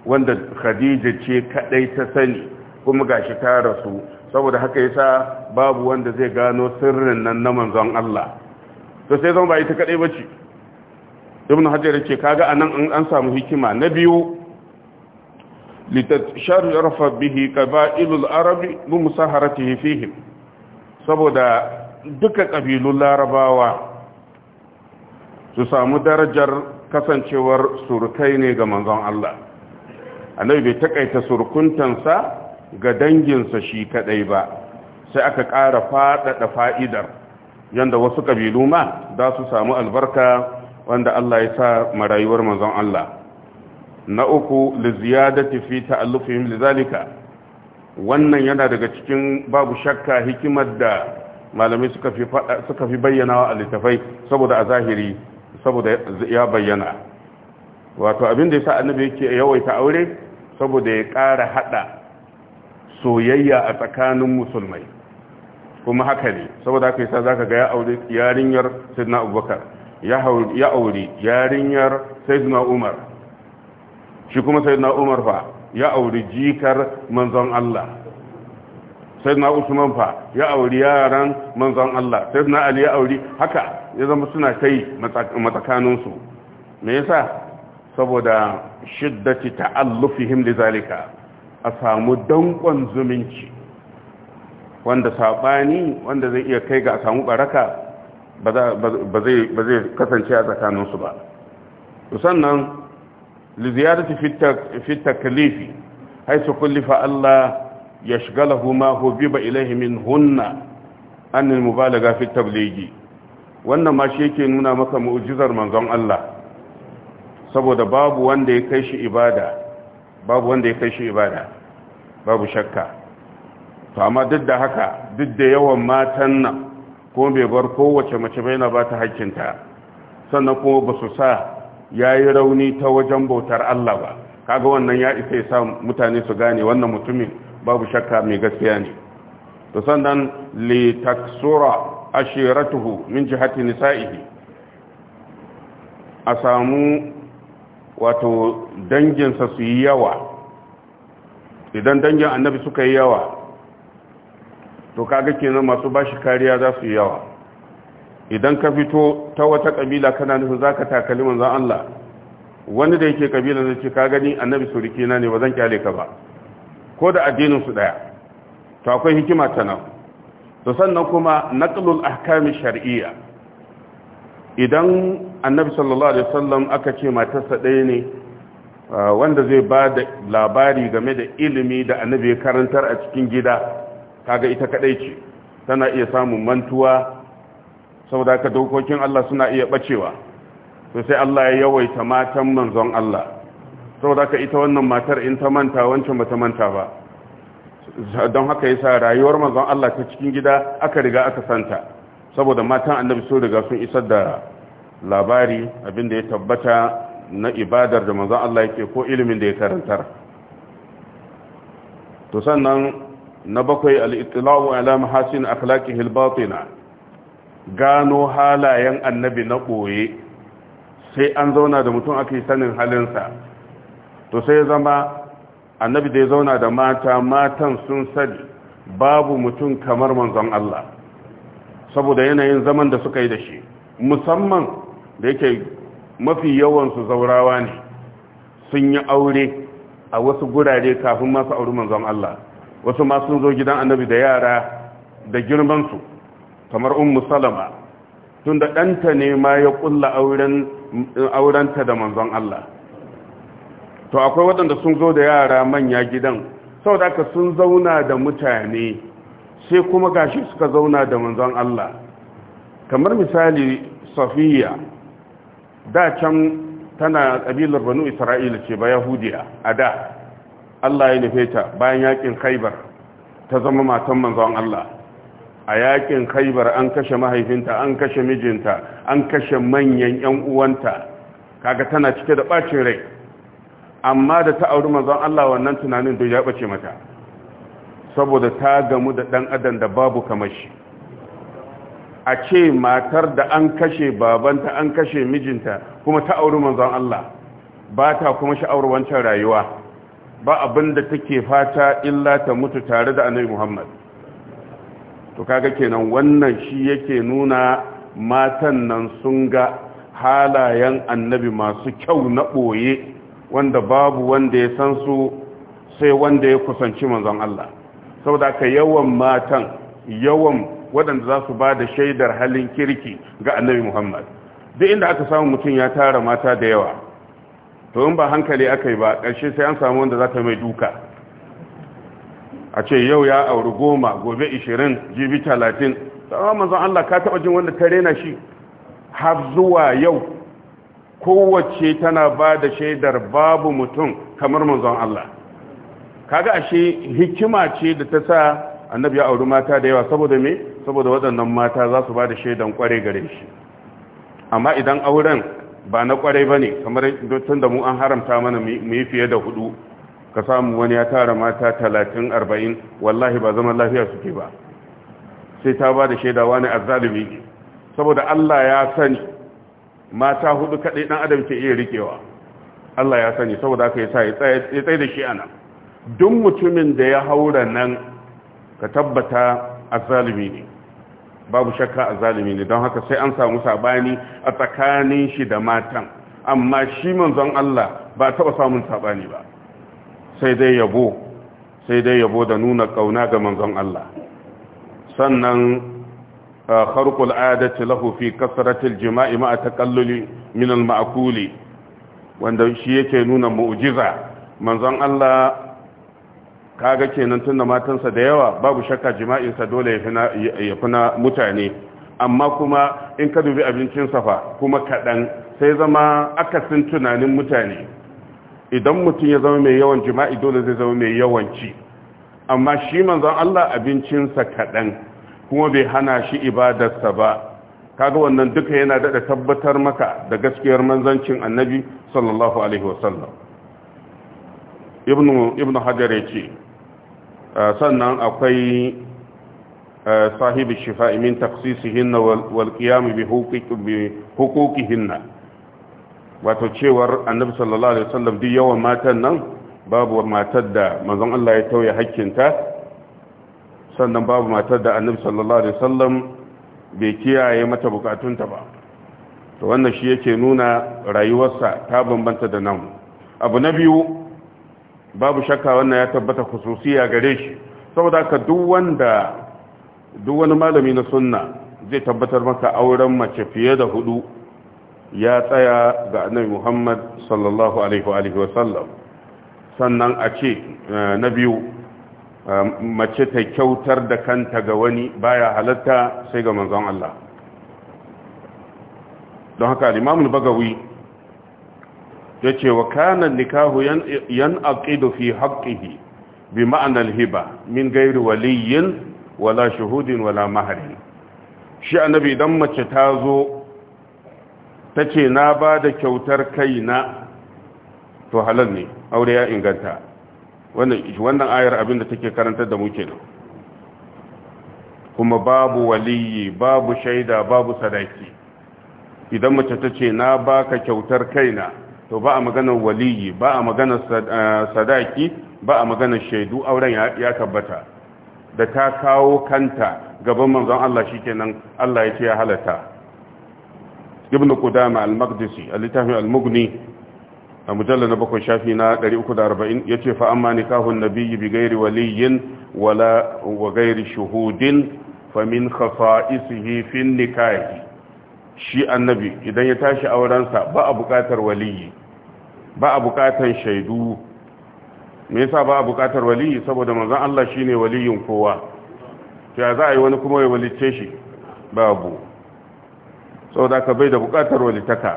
wanda khadija ce kadai ta sani kuma gashi ta rasu saboda haka yasa babu wanda zai gano sirrin nan na manzon Allah to sai zan ba ita kadai bace Ibn hajar yake kaga anan an samu hikima na biyu litasharrafa bihi qaba'ilul arabi bi musaharatihi fihim saboda duka kabilun larabawa su samu darajar kasancewar surukai ne ga manzon Allah annabi bai taƙaita surkuntansa ga danginsa shi kadai ba sai aka ƙara faɗaɗa fa'idar yanda wasu kabilu ma za su samu albarka wanda Allah ya sa marayuwar manzon Allah na uku liziyadati fi ta'allufihim lizalika wannan yana daga cikin babu shakka hikimar da malamai suka fi suka fi bayyanawa a littafai saboda a zahiri saboda ya bayyana wato abin da yasa annabi yake yawaita aure saboda ya ƙara hada soyayya a tsakanin musulmai kuma haka ne saboda haka yasa zaka ga ya aure yarinyar Sayyidina Abubakar ya aure yarinyar Sayyidina Umar shi kuma sayyidina umar fa ya auri jikar manzon Allah sayyidina usman fa ya auri yaran manzon Allah sayyidina ali ya auri haka ya zama suna kai matsakaninsu su me yasa saboda shiddati ta'allufihim lizalika a samu dankon zumunci wanda sabani wanda zai iya kai ga a samu baraka ba zai kasance a tsakaninsu ba sannan لزيادة في التكليف حيث كلف ألا يشغله ما هبب إليه منهن عن المبالغة في التبليغ wannan ma shi yake nuna maka mu'jizar manzon Allah saboda babu wanda ya kai shi ibada babu wanda ya kai shi ibada babu shakka to amma duk da haka duk da yawan matan nan ko bai bar kowace mace bai na ba ta sannan kuma ba su sa ya yi rauni ta wajen bautar Allah ba kaga wannan ya isa ya sa mutane su gane wannan mutumin babu shakka mai gaskiya ne to sannan li taksura ashiratuhu min jihati nisa'ihi a samu wato danginsa su yi yawa idan dangin annabi suka yi yawa to kaga kenan masu bashi kariya za su yi yawa idan ka fito ta wata kabila kana nufin za ka takali manzan Allah wani da yake kabila zai ce ka gani annabi suriki na ne ba zan kyale ka ba ko da addinin su daya to akwai hikima ta nan to sannan kuma naqlul ahkami shar'iyya idan annabi sallallahu alaihi wasallam aka ce matarsa ɗaya ne ah, wanda zai ba da labari game da ilimi da annabi ya karantar a cikin gida kaga ita kadai ce tana iya samun mantuwa saboda ka dokokin Allah suna iya bacewa to sai Allah ya yawaita matan manzon Allah saboda ka ita wannan matar in ta manta wancan ba ta manta ba don haka yasa rayuwar manzon Allah ta cikin gida aka riga aka santa saboda matan annabi sun riga sun isar da labari abinda ya tabbata na ibadar da manzon Allah yake ko ilimin da ya karantar to sannan na bakwai al-ittila'u ala mahasin akhlaqihil batina gano halayen annabi na ɓoye sai an zauna da mutum ake sanin halinsa to sai zama annabi da ya zauna da mata matan sun sani babu mutum kamar manzon Allah saboda yanayin zaman da suka yi da shi musamman da yake mafi yawansu zaurawa ne sun yi aure a wasu gurare kafin masu auri manzon Allah wasu ma sun zo gidan annabi da yara da girmansu kamar ummu salama tunda ɗanta ne ma ya ƙulla aurenta da manzon Allah to akwai waɗanda sun zo da yara manya gidan sau da aka sun zauna da mutane sai kuma gashi suka zauna da manzon Allah kamar misali safiya da can tana ƙabilar banu isra'ila ce ba yahudiya a da Allah ya nufe ta bayan yakin khaibar ta zama matan manzon Allah a yakin khaibar an kashe mahaifinta an kashe mijinta an kashe manyan yan uwanta kaga tana cike da bacin rai amma da ta auri manzon Allah wannan tunanin da ya bace mata saboda ta gamu da dan adam da babu kamar shi a ce matar da an kashe babanta an kashe mijinta kuma ta auri manzon Allah ba ta kuma sha'awar wancan rayuwa ba abinda take fata illa ta mutu tare da annabi Muhammad to kaga kenan wannan shi yake nuna matan nan sun ga halayen annabi masu kyau na ɓoye wanda babu wanda ya san su sai wanda ya kusanci manzon Allah saboda ka yawan matan yawan waɗanda za su ba da shaidar halin kirki ga annabi Muhammad duk inda aka samu mutum ya tara mata da yawa to in ba hankali aka yi ba ƙarshe sai an samu wanda za ta mai duka a ce yau ya auri goma gobe ishirin jibi talatin tsawon manzon Allah ka taba jin wanda ta rena shi har zuwa yau kowace tana ba da shaidar babu mutum kamar manzon Allah kaga ashe hikima ce da ta sa annabi ya auri mata da yawa saboda me saboda waɗannan mata za su ba da shaidan kware gare shi amma idan auren ba na kware ba ne kamar tun da mu an haramta mana mu yi fiye da hudu ka samu wani ya tara mata talatin arba'in wallahi ba zama lafiya suke ba sai ta ba da shaidawa ne azzalumi saboda Allah ya sani mata hudu kaɗai ɗan adam ke iya rikewa Allah ya sani saboda aka yi sa ya tsaye da shi a nan. duk mutumin da ya haura nan ka tabbata azzalumi ne babu shakka azzalumi ne don haka sai an samu sabani a tsakanin shi da matan amma shi manzon Allah ba taɓa samun sabani ba sai dai yabo sai dai yabo da nuna kauna ga manzon Allah sannan kharqul adati lahu fi kasratil jima'i ma taqalluli min al ma'kuli wanda shi yake nuna mu'jiza manzon Allah kaga kenan tunda matansa da yawa babu shakka jima'insa dole ya fi na mutane amma kuma in ka dubi abincin safa kuma kaɗan sai zama akasin tunanin mutane idan mutum ya zama mai yawan jima'i dole zai zama mai yawanci amma shi manzon Allah abincinsa kaɗan kuma bai hana shi ibadarsa ba kaga wannan duka yana daɗa tabbatar maka da gaskiyar manzancin annabi sallallahu alaihi wasallam ibn hajar ya ce ah, sannan akwai ah, sahibi shifa'i min hinna wal qiyam bi huquqihinna wato cewar annabi sallallahu alaihi wasallam duk yawan matan nan babu matar da manzon Allah ya tauye hakkinta sannan babu matar da annabi sallallahu alaihi wasallam bai kiyaye mata bukatunta ba to wannan shi yake nuna rayuwarsa ta bambanta da nan abu na biyu babu shakka wannan ya tabbata khususiya gare shi saboda haka duk wanda duk wani malami na sunna zai tabbatar maka auren mace fiye da hudu ya tsaya ga annabi Muhammad sallallahu alaihi wa sallam sannan a ce eh, na biyu eh, mace ta kyautar da kanta ga wani baya halatta sai ga manzon Allah don haka Limamin bagawi ya ce wa kana nikahu yan'aqidu fi haqqihi bi ma'anar hiba min gairi waliyin wala shahudin wala mahari shi annabi idan mace ta zo ta ce na ba da kyautar kaina to halal ne aure ya inganta wannan ayar abin da take karantar da muke nan kuma babu waliyi babu shaida babu sadaki idan mace ta ce na baka kyautar kaina to ba a maganar waliyi ba a maganar eh, sadaki ba a maganar shaidu auren ya tabbata da ta kawo kanta gaban manzon Allah shi kenan Allah ya ce ya halatta ibn qudama al-maqdisi al-littafi al-mughni a mujalla na bakwai shafi na 340 yace fa amma nikahun nabiyyi bi ghairi waliyin wala wa ghairi shuhudin fa min khasa'isihi fi nikahi shi annabi idan ya tashi aurensa ba a bukatar waliyi ba a bukatar shaidu me yasa ba a bukatar waliyi saboda manzon Allah shine waliyin kowa to ya za a yi wani kuma ya walice shi babu saboda ka bai da bukatar walitaka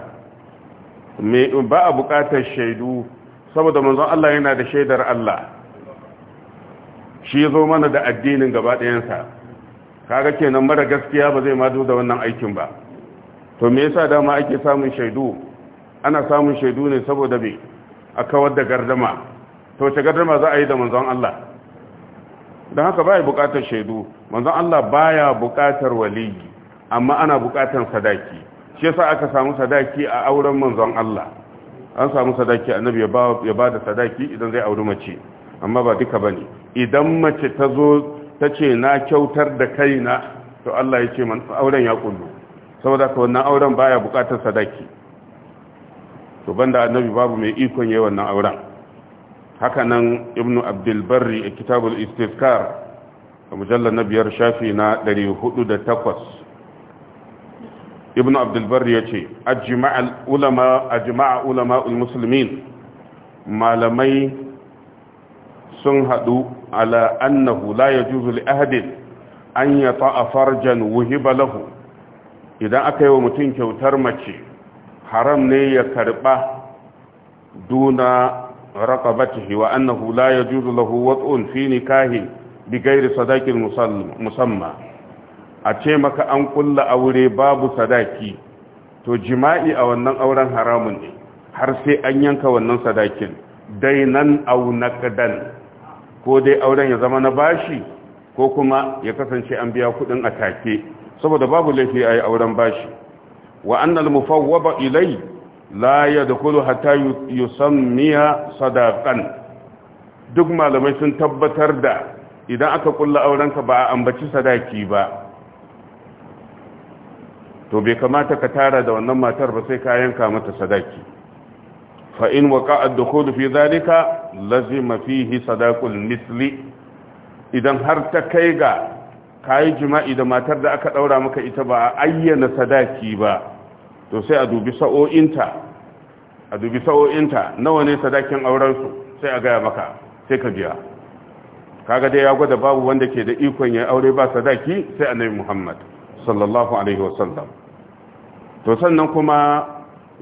ba a bukatar shaidu saboda manzon Allah yana da shaidar Allah shi zo mana da addinin gaba ɗayansa kaga kenan mara gaskiya ba zai madu da wannan aikin ba to me yasa dama ake samun shaidu ana samun shaidu ne saboda me a kawar da gardama to ce gardama za a yi da manzon Allah don haka ba a bukatar shaidu manzon Allah baya bukatar waliyi amma ana bukatan sadaki shi yasa aka samu sadaki a auren manzon Allah an samu sadaki annabi ya ba bada sadaki idan zai auri mace amma ba duka bane idan mace ta zo ta ce na kyautar da kaina to Allah ya ce auren ya kullu saboda ka wannan auren baya bukatar sadaki to banda annabi babu mai ikon yayi wannan auren haka nan ibnu abdul barri a kitabul istizkar a mujallar na biyar shafi na 408 ibn abdulbar ya ce jima'a ulama musulmin malamai sun haɗu ala annahu la ya juzu ahadin an ya ta'a farjan wuhiba lahu idan aka yi wa mutum kyautar mace haram ne ya karɓa duna رقبته وأنه لا lahu له وطء في نكاه بغير sadakin مسمى a ce maka an kulla aure babu sadaki to jima'i a wannan auren haramun ne har sai an yanka wannan sadakin dainan au naqdan ko dai auren ya zama na bashi ko kuma ya kasance an biya kudin atake saboda babu laifi ayi auren bashi wa annal mufawwada ilai la yadkhulu hatta yusammiya sadaqan duk malamai sun tabbatar da idan aka kulla aurenka ba a ambaci sadaki ba to bai kamata ka tara da wannan matar ba sai ka yanka mata sadaki fa in waqa ad-dukhul fi zalika lazima fihi sadaqul misli idan har ta kai ga kayi jima'i da matar da aka daura maka ita ba ayyana sadaki ba to sai a dubi sa'o'inta a dubi sa'o'inta nawa ne sadakin auren su sai a gaya maka sai ka biya kaga dai ya gwada babu wanda ke da ikon ya aure ba sadaki sai annabi Muhammad sallallahu alaihi wasallam to sannan kuma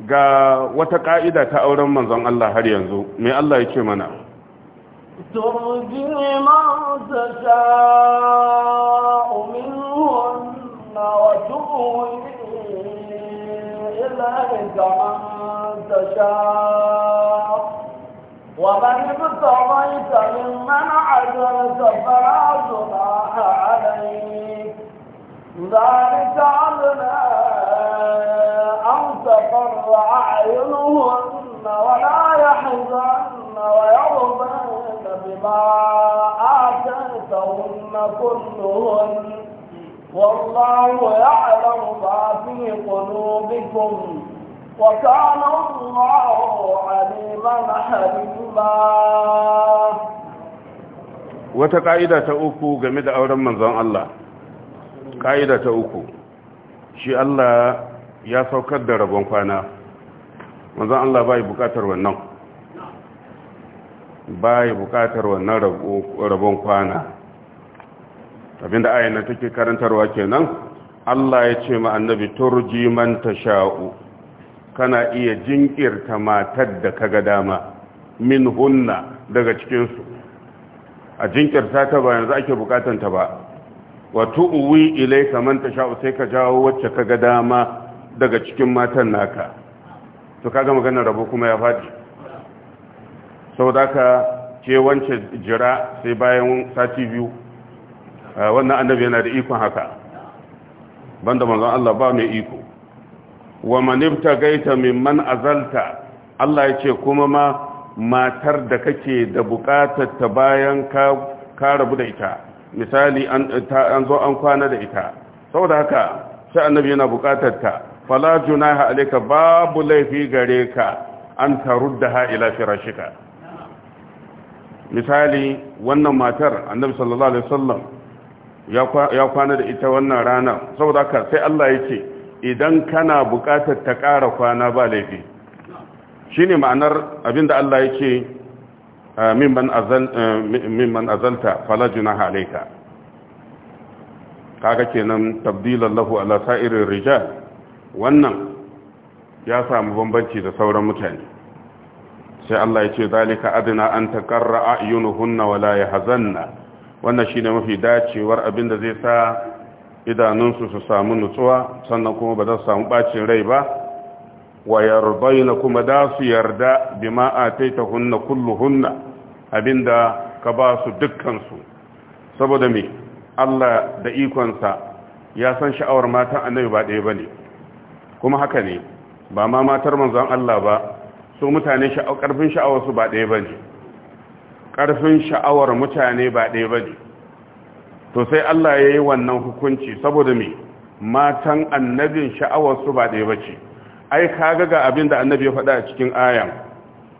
ga wata ka'ida ta auren manzon Allah har yanzu me Allah yake mana ومن ابتغيت ممن فلا جناح عليك ذلك عدنا أن تقر أعينهن ولا يحزن ويرضين بما آتيتهن كلهن والله يعلم ما في قلوبكم وكان الله عليما حليما wata ƙa'ida ta uku game da auren manzon Allah ƙa'ida ta uku shi Allah ya saukar da rabon kwana wanzan Allah yi buƙatar wannan yi buƙatar wannan rabon kwana abinda ayyana take karantarwa kenan Allah ya ce ma annabi turji manta sha'u. kana iya jinkirta matar da kaga dama min hunna daga cikinsu a jinkirta ta ba yanzu ake bukatanta ba wa tu'wi ilayka man tasha'u sai ka jawo wacce ka ga dama daga cikin matan naka to kaga maganar rabo kuma ya fadi saboda ka ce wance jira sai bayan sati biyu ah, wannan annabi yana da ikon haka banda manzon Allah ba mai iko wa man ibtagaita mimman azalta Allah ya ce kuma ma matar da kake da bukatar ta bayan ka rabu da ita misali an zo an kwana da ita saboda haka sai annabi yana bukatar ta falajuna junaha alayka babu laifi gare ka an da ila firashika misali wannan matar annabi sallallahu alaihi wasallam ya kwana da ita wannan ranar saboda haka sai Allah ce idan kana bukatar ta ƙara kwana ba laifi shine ma'anar abinda Allah ce. mimman azalta fala junaha kaga kenan tabdilan lahu ala sa'irin rijal wannan ya samu bambanci da sauran mutane sai Allah ya ce zalika adna an taqarra ayunuhunna wala yahzanna wannan shine mafi dacewar abin da zai sa idanunsu su samu nutsuwa sannan kuma ba za su samu bacin rai ba wa yardaina kuma da su yarda bima ataitahunna kulluhunna abinda ka ba su dukkansu saboda me Allah da ikonsa ya san sha'awar matan annabi ba ɗaya ba ne kuma haka ne ba ma matar manzon Allah ba su mutane ƙarfin sha'awarsu ba ɗaya ba ne ƙarfin sha'awar mutane ba ɗaya ba ne to sai Allah ya yi wannan hukunci saboda me matan annabin sha'awarsu ba ɗaya ba ce ai kaga ga abin da annabi ya faɗa a cikin ayan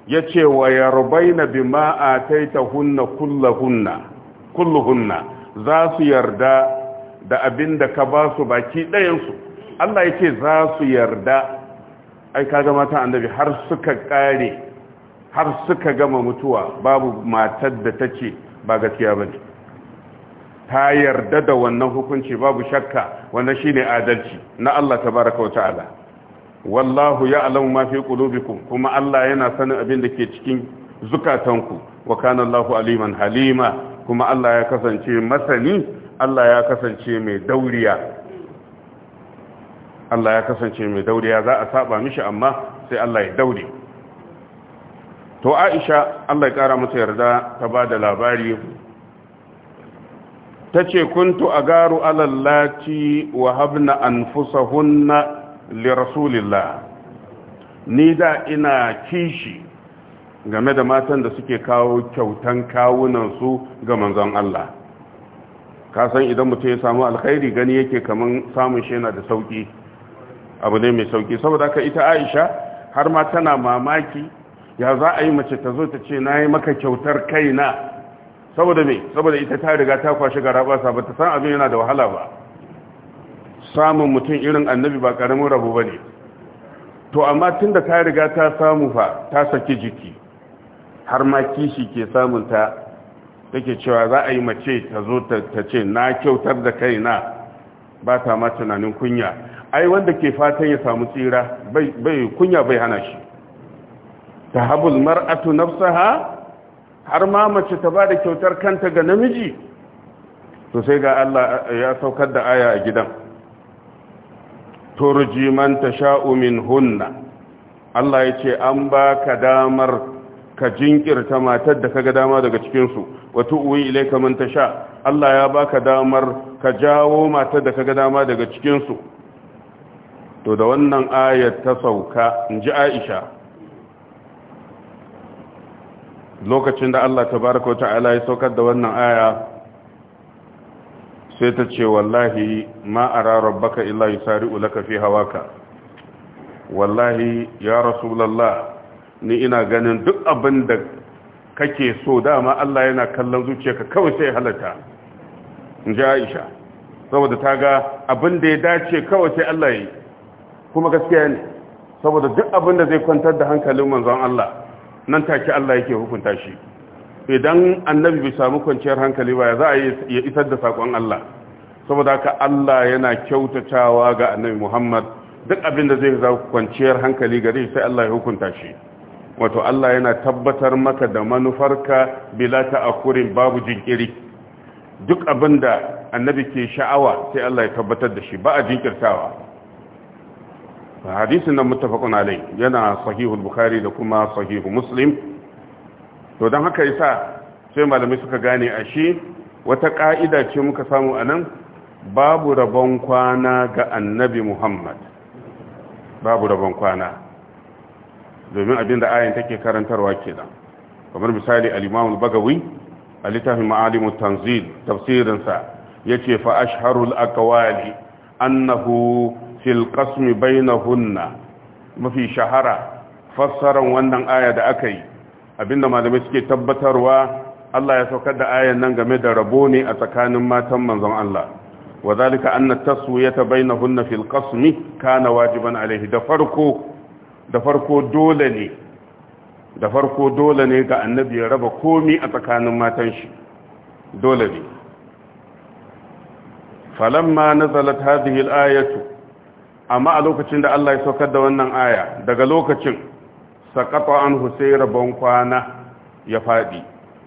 ya ce wa na bi yarbaina ta hunna kullu hunna za su yarda da abin da ka ba su baki ɗayansu Allah ya ce za su yarda ai kaga mata annabi har suka kare har suka gama mutuwa babu matar da ta ce ba gaskiya ba ne ta yarda da wannan hukunci babu shakka wannan ne adalci na Allah ta baraka wa ta'ala wallahu ya ma fi qulubikum kuma Allah yana sanin abin da ke cikin zukatanku wa kana Allahu aliman halima kuma Allah ya kasance masani Allah ya kasance mai dauriya Allah ya kasance mai dauriya za a saba mishi amma sai Allah ya daure to Aisha Allah ya kara mata yarda ta ba da labari tace kuntu agaru alallati wa habna anfusahunna li rasulillah ni da ina kishi game da matan da suke kawo kyautan su ga manzon Allah ka san idan mutum ya samu alkhairi gani yake kaman samun shi yana da sauki abu ne mai sauki saboda ka ita aisha har ma tana mamaki ya za a yi mace ta zo ta ce na yi maka kyautar kaina saboda me saboda ita ta riga ta kwashi garaba ba ta san abin yana da wahala ba samun mutum irin annabi ba karamin rabu ba ne to amma tun da ta riga ta samu fa ta saki jiki har ma kishi ke samunta take cewa za a yi mace ta zo ta ce na kyautar da kai na, ba ta ma tunanin kunya ai wanda ke fatan ya samu tsira bai kunya bai hana shi ta habul mar'atu nafsaha har ma mace ta ba da kyautar kanta ga namiji to sai ga Allah ya saukar da aya a gidan turji man tasha'u hunna Allah ya ce an ka damar ka jinkirta matar da kaga dama daga cikinsu wata uwi ilaika man tasha Allah ya baka damar ka jawo matar da kaga dama daga cikinsu to da wannan ayat ta sauka in Aisha lokacin da Allah tabaraka wa ta'ala ya saukar da wannan aya sai ta ce wallahi ma ara rabbaka illa yusari'u laka fi hawaka wallahi ya rasulullah ni ina ganin duk abin da kake so dama Allah yana kallon zuciyarka kawai sai halatta in Aisha saboda ta ga abin da ya dace kawai sai Allah yi kuma gaskiya ne saboda duk abin da zai kwantar da hankalin manzon Allah nan take Allah yake hukunta shi idan annabi bai samu kwanciyar hankali ba za a ya isar da sakon Allah saboda haka Allah yana kyautatawa ga annabi Muhammad duk abin da zai zama kwanciyar hankali gare sai Allah ya hukunta shi wato Allah yana tabbatar maka da manufarka bila akurin babu jinkiri duk abin da annabi ke sha'awa sai Allah ya tabbatar da shi ba a jinkirtawa hadisin nan muttafaqun alai yana sahihul bukhari da kuma sahihu muslim to don haka sa sai malamai suka gane a shi wata ƙa'ida ce muka samu a nan. babu rabon kwana ga annabi Muhammad babu rabon kwana domin abin abinda ayan take karantarwa ke nan. kamar misali al bagawi a littafin ma'alimun tanzil ya ya ce fa ashharul aqwali annahu fil qasm bainahunna mafi shahara fassaran wannan aya da aka yi abinda malamai suke tabbatarwa Allah ya saukar da ayan nan game da rabo ne a tsakanin matan manzon Allah wa zalika anna taswiyata bainahunna fil qasmi kana wajiban alaihi da farko da farko dole ne da farko dole ne ga annabi ya raba komi a tsakanin matan shi dole ne falamma nazalat hadhihi al-ayatu amma a lokacin da Allah ya saukar da wannan aya daga lokacin sakata an husaira kwana ya faɗi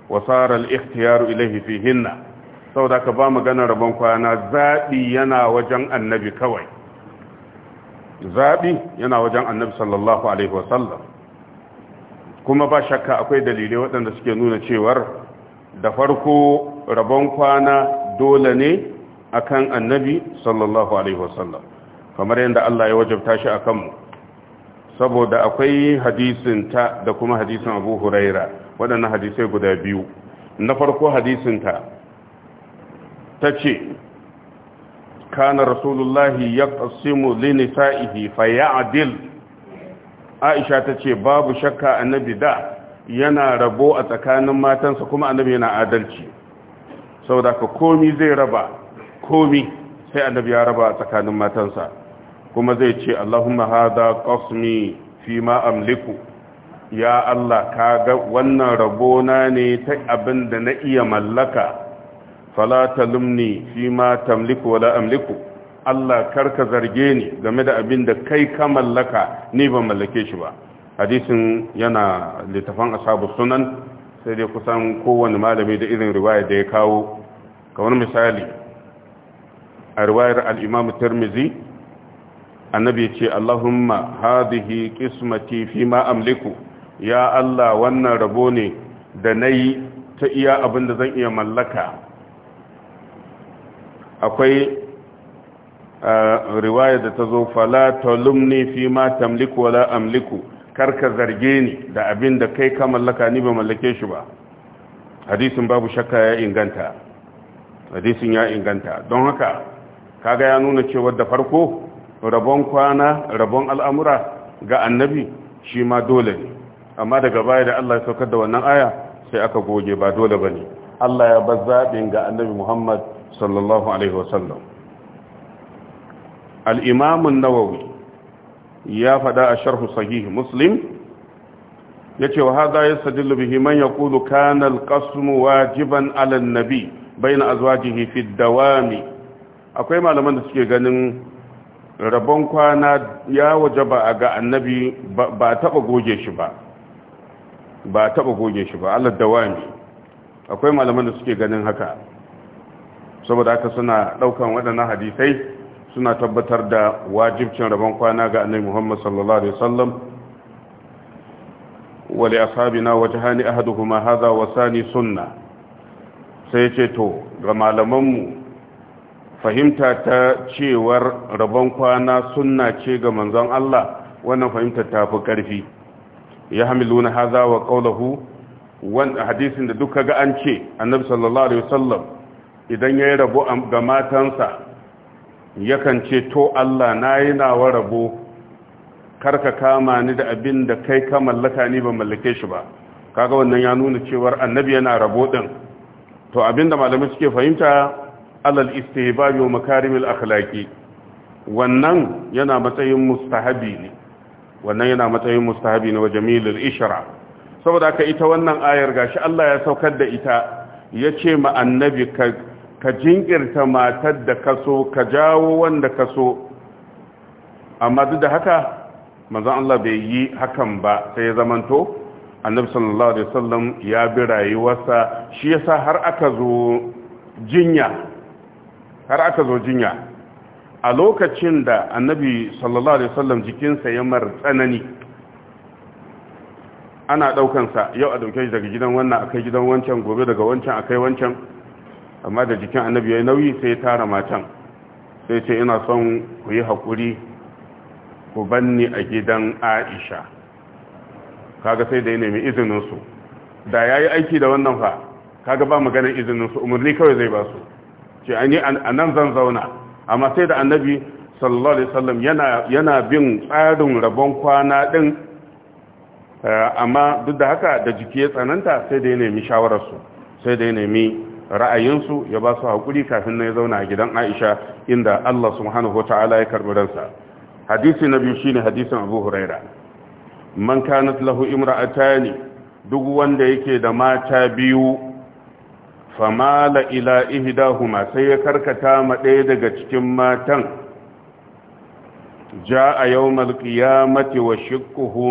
wasarar ikhtiyaru ilaihi fi hinna sau da ka ba magana rabon kwana zaɓi yana wajen annabi kawai zaɓi yana wajen annabi sallallahu alaihi wasallam kuma ba shakka akwai dalilai waɗanda suke nuna cewar da farko rabon kwana dole ne akan annabi sallallahu alaihi wasallam kamar yadda Allah ya wajabta shi a kanmu. saboda akwai hadisin ta da kuma hadisin abu huraira waɗannan hadisai guda biyu na farko hadisin ta ta ce kana rasulullahi ya ƙasimu linisa'ihi fayyadil aisha ta ce babu shakka annabi da yana rabo a tsakanin matansa kuma annabi yana adalci saboda ka komi zai raba komi sai annabi ya raba a tsakanin matansa kuma zai ce Allahumma hada qasmi fi ma amliku ya Allah ka ga wannan rabona ne ta abin da na iya mallaka fala talumni fi ma tamliku wala amliku Allah karka zarge ni game da abin da kai ka mallaka ni ban mallake shi ba hadisin yana littafan ashabu sunan sai dai kusan kowane malami da irin riwaya da ya kawo kamar misali a riwayar al-Imam Tirmidhi annabi ya ce Allahumma hadhihi qismati fi ma amliku ya Allah wannan rabo ne da nayi ta iya abin da zan iya mallaka akwai riwaya da ta zo fala talumni fi ma tamliku wala amliku karka zarge ni da abin da kai ka mallaka ni ba mallake shi ba hadisin babu shakka ya inganta hadisin ya inganta don haka kaga ya nuna cewa da farko rabon kwana rabon al'amura ga annabi shi ma dole ne amma daga baya da Allah ya saukar da wannan aya sai aka goge ba dole ba ne Allah ya bar zaɓin ga annabi Muhammad sallallahu Alaihi wasallam al'imamun nawawi ya faɗa a sharhu sahihi muslim ya ce wa haɗa ya sadillu bihi man ya kulu kanal kasmu wajiban alannabi bai na azuwajihi fi dawami akwai malaman da suke ganin rabon kwana ya waje ba a ga annabi ba taba goge shi ba ba taba goge shi ba Allah da wani akwai malaman da suke ganin haka saboda haka suna daukan waɗannan hadisai suna tabbatar da wajibcin rabon kwana ga annabi Muhammad sallallahu alaihi wasallam wa li ashabina wajhani ahaduhuma hadha wa sani sunna sai ce to ga malaman mu fahimta ta cewar rabon kwana sunna ce ga manzon Allah wannan fahimta ta fi ƙarfi ya na haza wa qawluhu wanda hadisin da duka ga an ce annabi sallallahu alaihi wasallam idan yi rabo ga matansa yakan ce to Allah nayi nawa rabo karka kama ni da abin da kai ka mallaka ni ba mallake shi ba kaga wannan ya nuna cewar annabi yana rabo din to abinda malamai suke fahimta alal istihbabi wa makarimil akhlaqi wannan yana matsayin mustahabi ne wannan yana matsayin mustahabi ne wa jamilul ishra saboda haka ita wannan ayar gashi Allah ya saukar da ita yace ma annabi ka ka jinkirta matar da kaso ka jawo wanda kaso amma duk da haka manzon Allah bai yi hakan ba sai ya zamanto annabi sallallahu alaihi wasallam ya bi rayuwarsa shi yasa har aka zo jinya har aka zo jinya a lokacin da annabi sallallahu alaihi wasallam jikinsa ya mar tsanani ana daukansa yau a dauke shi daga gidan wannan akai gidan wancan gobe daga wancan akai wancan amma da jikin annabi ya nauyi sai ya tara matan sai ce ina son ku yi haƙuri ku banni a gidan aisha kaga sai da ya nemi izininsu da ya yi aiki da wannan fa kaga ba maganin izininsu umarni kawai zai ba su ce a nan zan zauna amma sai da annabi sallallahu alaihi wasallam yana yana bin tsarin rabon kwana din eh, amma duk da haka da jiki ya tsananta sai da ya nemi shawararsu sai da ya nemi ra'ayinsu ya ba su haƙuri kafin na ya zauna a gidan aisha inda allah subhanahu wa ta'ala ya karɓi ransa hadisi na biyu shine hadisin abu huraira man kanat lahu imra'atani duk wanda yake da mata biyu famala ila ma sai ya karkata ma ɗaya daga cikin matan Ja a yawmal qiyamati wa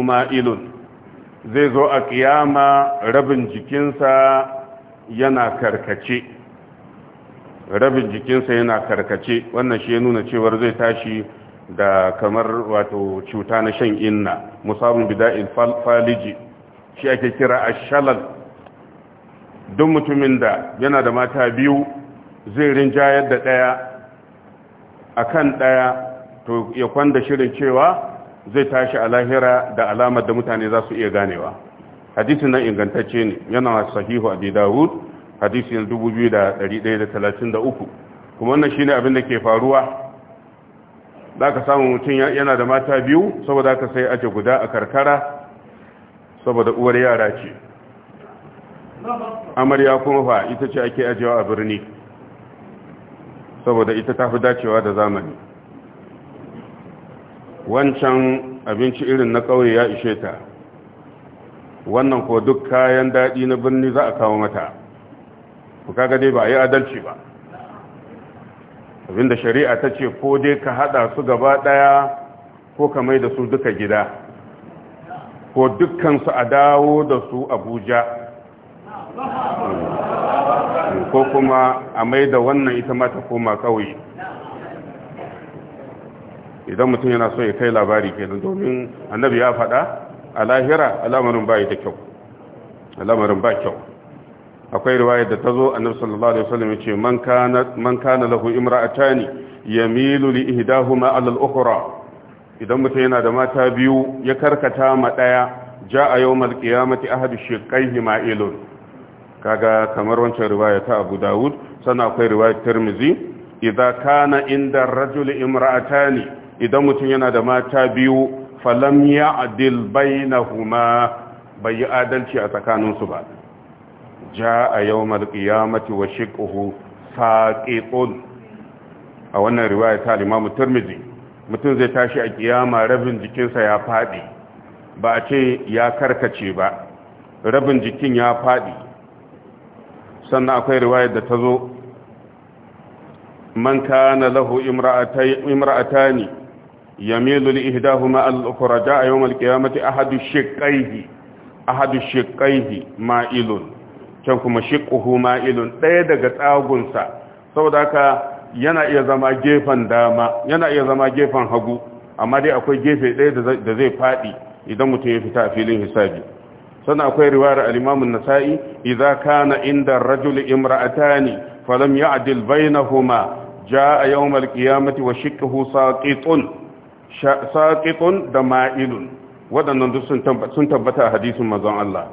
ma ilun zai zo a kiyama rabin jikinsa yana karkace rabin jikinsa yana karkace wannan shi ya nuna cewar zai tashi da kamar wato cuta na shan inna musabun bida'in faliji shi ake kira ashalal duk mutumin da yana da mata biyu zai rinjayar da ɗaya a kan ɗaya to ya kwanda shirin cewa zai tashi a lahira da alamar da mutane za su iya ganewa hadisin nan ingantacce ne yana sahihu abi dawud hadisin 2133 kuma wannan shine abin da ke faruwa za ka samu mutum yana da mata biyu saboda ka sai aje guda a karkara saboda uwar yara ce amarya kuma fa ita ce ake ajiyawa a birni saboda ita ta fi dacewa da zamani wancan abinci irin na ƙauye ya ishe ta wannan ko duk kayan daɗi na birni za a kawo mata kaga dai ba a yi adalci ba abinda shari'a ta ce ko dai ka haɗa su gaba ɗaya ko ka mai da su duka gida ko dukkansu a dawo da su abuja ko kuma a mai da wannan ita mata koma kauye idan mutum yana so ya kai labari kenan domin annabi ya faɗa a lahira alamarin ba da kyau alamarin ba kyau akwai riwayar da ta zo annabi sallallahu alaihi wasallam ya ce man kana man kana lahu imra'atani yamilu li ihdahuma ala al-ukhra idan mutum yana da mata biyu ya karkata ma daya ja'a yawmal qiyamati ahadu shiqqaihi ma'ilun kaga kamar wancan riwaya ta Abu Dawud sannan akwai riwaya Tirmidhi idza kana inda rajul imra'atani idan mutum yana da mata biyu falam ya'dil bainahuma bai yi adalci a tsakaninsu ba ja'a yawmal qiyamati wa shiqquhu saqitun a wannan riwaya ta Imam Tirmidhi mutum zai tashi a kiyama rabin jikinsa ya fadi ba a ce ya karkace ba rabin jikin ya fadi sannan akwai riwayar da ta zo man kana lahu imra'atani yamilu li ihdahuma al-ukhra ja yawm al-qiyamati ahadu shiqqaihi ahadu ma'ilun can kuma shiqquhu ma'ilun daya daga tsagunsa saboda haka yana iya zama gefen dama yana iya zama gefen hagu amma dai akwai gefe ɗaya da zai faɗi idan mutum ya fita a filin hisabi sannan akwai riwayar al-Imam nasai idza kana inda rajul rajuli imra'atani falam ya'dil bainahuma jaa yawm al-qiyamati wa shiqquhu saqitun saqitun da ma'ilun wadannan duk sun tabbata a hadisin manzon Allah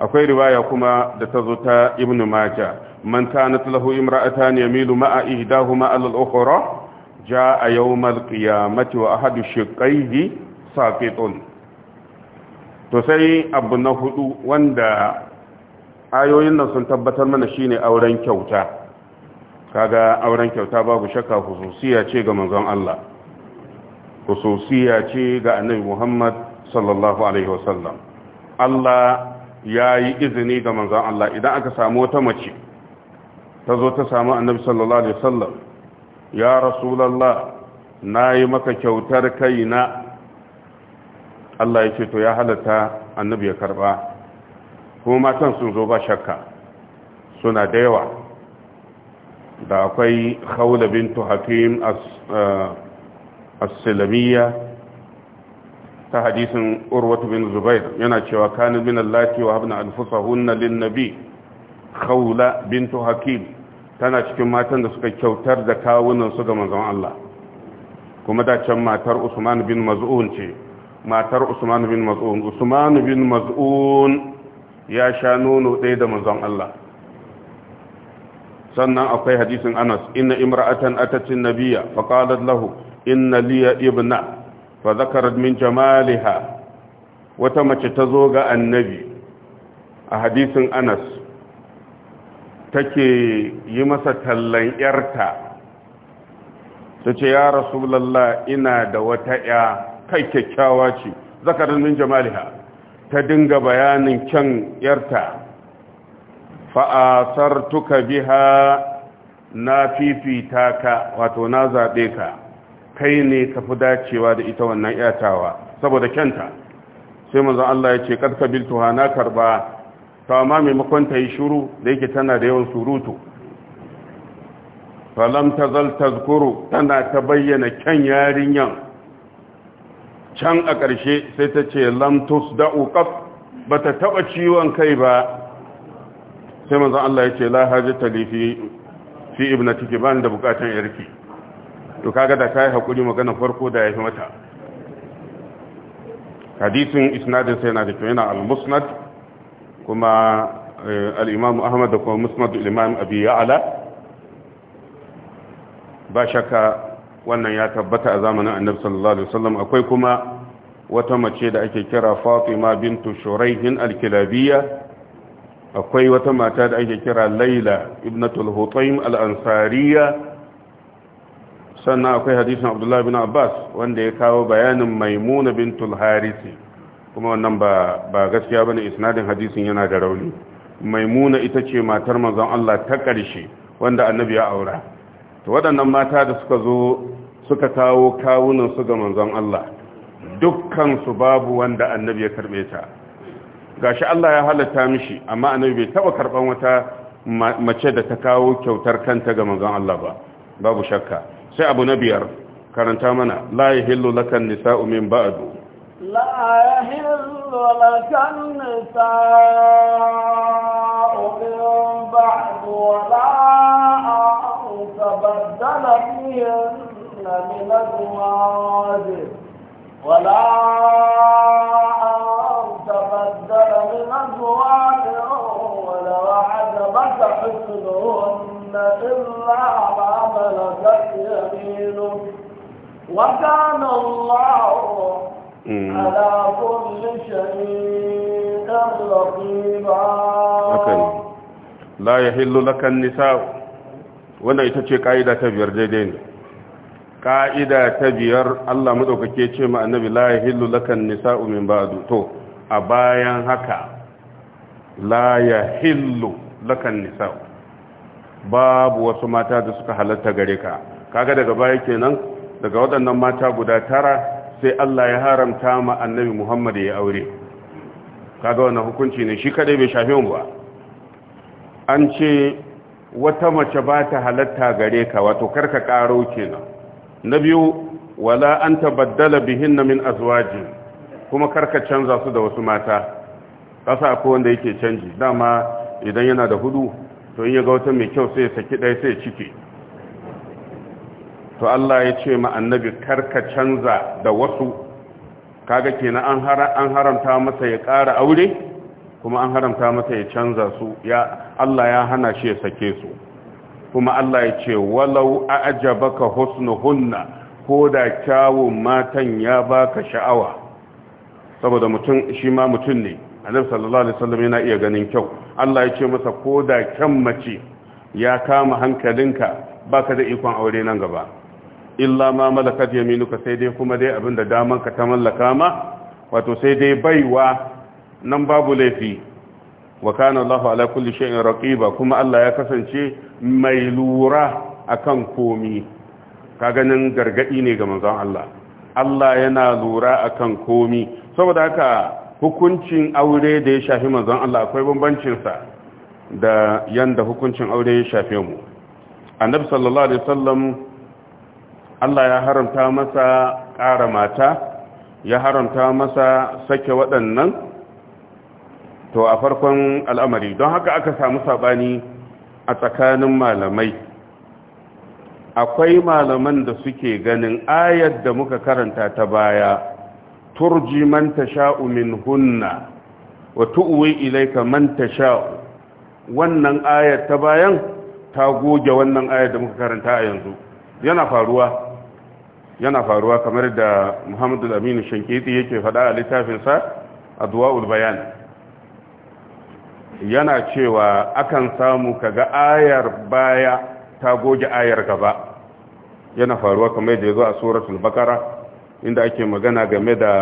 akwai riwaya kuma da ta zo ta Ibn Majah man kanat lahu imra'atani yamilu ma'a ihdahuma 'ala al-ukhra jaa yawm al-qiyamati wa ahadu shiqqayhi saqitun to sai abu na hudu wanda ayoyin nan sun tabbatar mana shine auren kyauta kaga auren kyauta babu shakka hususiya ce ga manzon Allah hususiya ce ga annabi Muhammad sallallahu alaihi wasallam Allah ya yi izini ga manzon Allah idan aka samu wata mace ta zo ta samu annabi sallallahu alaihi wasallam ya rasulullah nayi maka kyautar kaina Allah ya ce to ya halatta annabi ya karba kuma matan sun zo ba shakka suna da yawa da akwai khawla bintu hakim eh, as-silamiyya ta hadisin urwatu bin zubair yana cewa kana min allati wa habna anfusahunna lin nabi khawla bintu hakim tana cikin matan da suka kyautar da kawunan su ga manzon Allah kuma da can matar Usman bin Maz'un ce matar usman bin maz'un usman bin maz'un ya sha nono ɗaya da manzon Allah sannan akwai hadisin Anas inna imra'atan atatin nabiyya fa qalat lahu inna liya ibna fa zakarat min jamaliha wata mace ta zo ga annabi a hadisin Anas take yi masa tallan yarta ta ce ya rasulallah ina da wata ya kai kyakkyawa ce zakarin min jamaliha ta dinga bayanin kyan yarta tuka biha na fifita ka wato na zaɓe ka kai ne ka fi dacewa da ita wannan yatawa saboda kyanta sai mazan Allah ya ce ƙarfa kabiltuha na karba ta ma maimakon ta yi shuru da yake tana da yawan surutu falam tazal tazkuru tana ta bayyana kyan yarinyan can a ƙarshe sai ta ce lamtus da ba ta taɓa ciwon kai ba sai manzan Allah ya ce la hajjata lifi fi tiki ba da bukatan yarki to kaga da ta yi haƙuri magana farko da ya fi mata hadisin isnadin sai na da kyau yana al-musnad kuma eh, al-imam ahmad da kuma musnad al-imam abi ya'ala ba shakka wannan ya tabbata a zamanin annabi sallallahu alaihi wasallam akwai kuma wata mace da ake kira Fatima bintu Shuraihin al-Kilabiyya akwai wata mata da ake kira Laila ibnatul Hutaym al-Ansariyya sannan akwai hadisin Abdullah ibn Abbas wanda ya kawo bayanin Maimuna bintul Harisi kuma wannan ba ba gaskiya bane isnadin hadisin yana da rauni Maimuna ita ce matar manzon Allah ta ƙarshe wanda annabi ya aura to waɗannan mata da suka zo suka kawo kawunan su ga manzon Allah dukkan babu wanda annabi ya karɓe ta gashi Allah ya halatta mishi amma annabi bai taba karban wata mace da ta kawo kyautar kanta ga manzon Allah ba babu shakka sai abu na biyar karanta mana la yahillu lakan nisa'u min ba'du la yahillu lakan nisa'u min ba'du wa la لنأتين من أزواجه ولا أن تبدل من أزواجهم وَلَا عَجَبَكَ حسنهن إلا ما ملكت يمينك وكان الله على كل شيء رقيبا. لا يحل لك النساء wannan ita ce ka'ida ta biyar daidai ne ka'ida ta biyar Allah madaukake ce ma annabi la yahillu lakan nisa'u min ba'du to a bayan haka la yahillu lakan nisa'u babu wasu mata da suka halatta gare ka kaga daga baya kenan daga waɗannan mata guda tara sai Allah ya haramta ma annabi Muhammad ya aure kaga wannan hukunci ne shi kadai bai shafe mu ba an ce wata mace ba ta halatta gare ka wato karka karo kenan na biyu wala an tabaddala na min azuwaji kuma karka canza su da wasu mata ƙasa ko wanda yake canji dama idan yana da hudu to in ya ga wata mai kyau sai ya saki ɗaya sai ya cike to Allah ya ce ma annabi karka canza da wasu kaga kenan an haramta masa ya ƙara aure kuma an haramta masa ya canza su ya Allah ya hana shi ya sake su kuma Allah ya ce walau a'jabaka husnuhunna ko da kyawun matan ya baka sha'awa saboda mutum shi ma mutum ne annabi sallallahu alaihi wasallam yana iya ganin kyau Allah ya ce masa ko da kyan mace ya kama hankalinka baka da ikon aure nan gaba illa ma malakat yaminuka sai dai kuma dai abinda damanka ta mallaka ma wato sai dai baiwa nan babu laifi wa kana Allahu ala kulli shay'in raqiba kuma Allah ya kasance mai lura akan komi ka ganin gargadi ne ga manzon Allah Allah yana lura akan komi saboda haka hukuncin aure da ya shafi manzon Allah akwai bambancin sa da yanda hukuncin aure ya shafe mu annabi sallallahu alaihi wasallam Allah ya haramta masa ƙara mata ya haramta masa sake waɗannan to a farkon al'amari don haka aka samu sabani a tsakanin malamai akwai malaman da suke ganin ayar da muka karanta ta baya turji man tasha'u min hunna wa tu'wi ilayka man tasha'u wannan ayar ta bayan ta goge wannan ayar da muka karanta a yanzu yana faruwa yana faruwa kamar da Muhammadu Aminu Shankiti yake faɗa a littafinsa Adwaul Bayan yana cewa akan samu kaga ayar baya ta goge ayar gaba yana faruwa kamar da ya zo a suratul bakara inda ake magana game da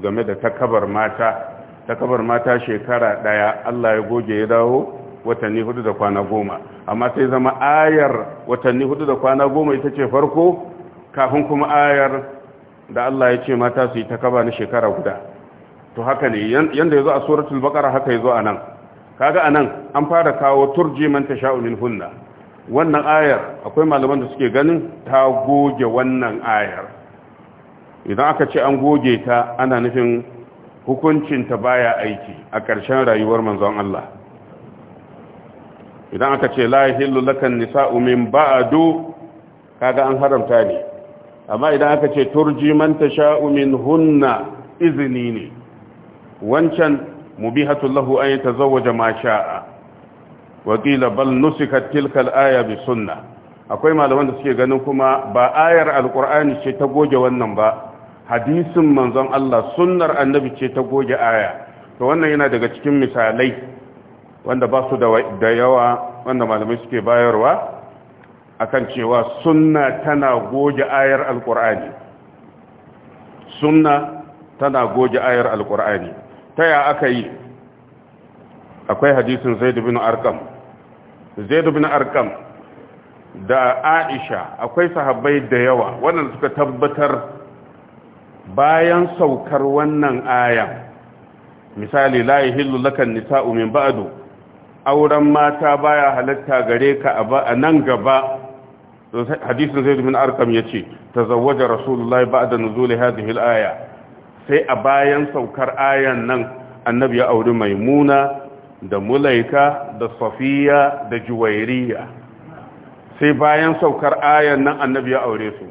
game da takabar mata takabar mata shekara daya Allah ya goge ya dawo watanni hudu da kwana goma amma sai zama ayar watanni hudu da kwana goma ita ce farko kafin kuma ayar da Allah ya ce mata su yi takaba na shekara guda to haka ne yanda zo a suratul bakara haka zo a nan kaga anan an fara kawo turji man tasha'u min hunna wannan ayar akwai malaman da suke ganin ta goge wannan ayar idan aka ce an goge ta ana nufin hukuncin ta baya aiki a ƙarshen rayuwar manzon Allah idan aka ce la yahillu lakan nisa'u min ba'du kaga an haramta ne amma idan aka ce turji man tasha'u min hunna izini ne wancan bi lahu an zawaje ma sha'a wa bal nusika tilka al-aya bi akwai malaman da suke ganin kuma ba ayar alkur'ani ce ta goge wannan ba hadisin manzon Allah sunnar annabi ce ta goge aya to wannan yana daga cikin misalai wanda ba su da yawa wanda malamai suke bayarwa akan cewa sunna tana goge ayar alkur'ani sunna tana goge ayar alkur'ani ta ya aka yi akwai hadisin zaid bin arqam zaid bin arqam da aisha akwai sahabbai da yawa wannan suka tabbatar bayan saukar wannan aya misali la yahillu lakan nisa'u min ba'du auren mata baya halatta gare ka a nan gaba hadisin zaid ya ce. Ta tazawwaja rasulullahi ba'da nuzuli hadhihi al-aya sai a bayan saukar ayan nan annabi ya auri maimuna da mulaika da safiya da juwairiya sai bayan saukar ayan nan annabi ya aure su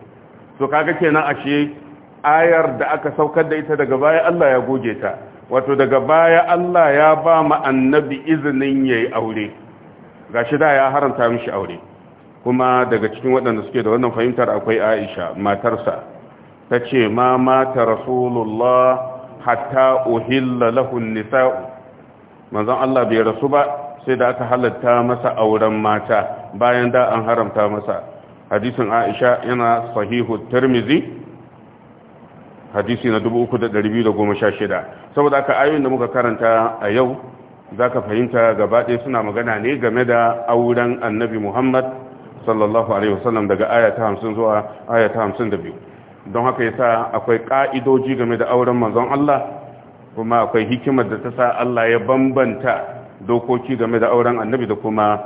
to kaga kenan ashe ayar da aka saukar da ita daga baya Allah ya goge ta wato daga baya Allah ya ba mu annabi izinin yayi aure gashi da ya haranta mishi aure kuma daga cikin waɗanda suke da wannan fahimtar akwai Aisha matarsa ta ce ma mata rasulullah hatta uhilla lahun nisa'u manzon Allah bai rasu ba sai da aka halatta masa auren mata bayan da an haramta masa hadisin Aisha yana sahihu Tirmidhi hadisi na 3216 saboda aka ayoyin da muka karanta a yau zaka fahimta gaba ɗaya suna magana ne game da auren Annabi Muhammad sallallahu alaihi wasallam daga aya ta 50 zuwa aya ta 52 don haka yasa akwai ka'idoji game da auren manzon Allah kuma akwai hikimar da ta sa Allah ya bambanta dokoki game da auren annabi da kuma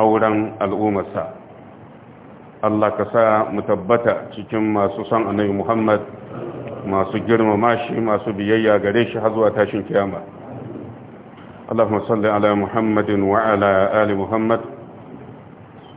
auren al'ummarsa Allah ka sa mu tabbata cikin masu son annabi Muhammad masu girmama shi masu biyayya gare shi har zuwa tashin kiyama salli ala Muhammadin wa ala Ali Muhammad.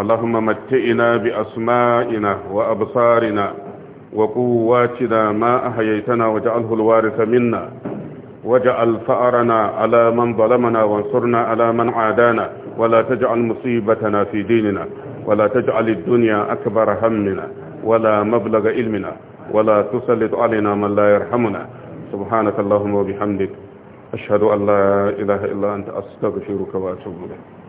اللهم متئنا بأسمائنا وأبصارنا وقواتنا ما أحييتنا وجعله الوارث منا وجعل فأرنا على من ظلمنا وانصرنا على من عادانا ولا تجعل مصيبتنا في ديننا ولا تجعل الدنيا أكبر همنا ولا مبلغ علمنا ولا تسلط علينا من لا يرحمنا سبحانك اللهم وبحمدك أشهد أن لا إله إلا أنت أستغفرك وأتوب إليك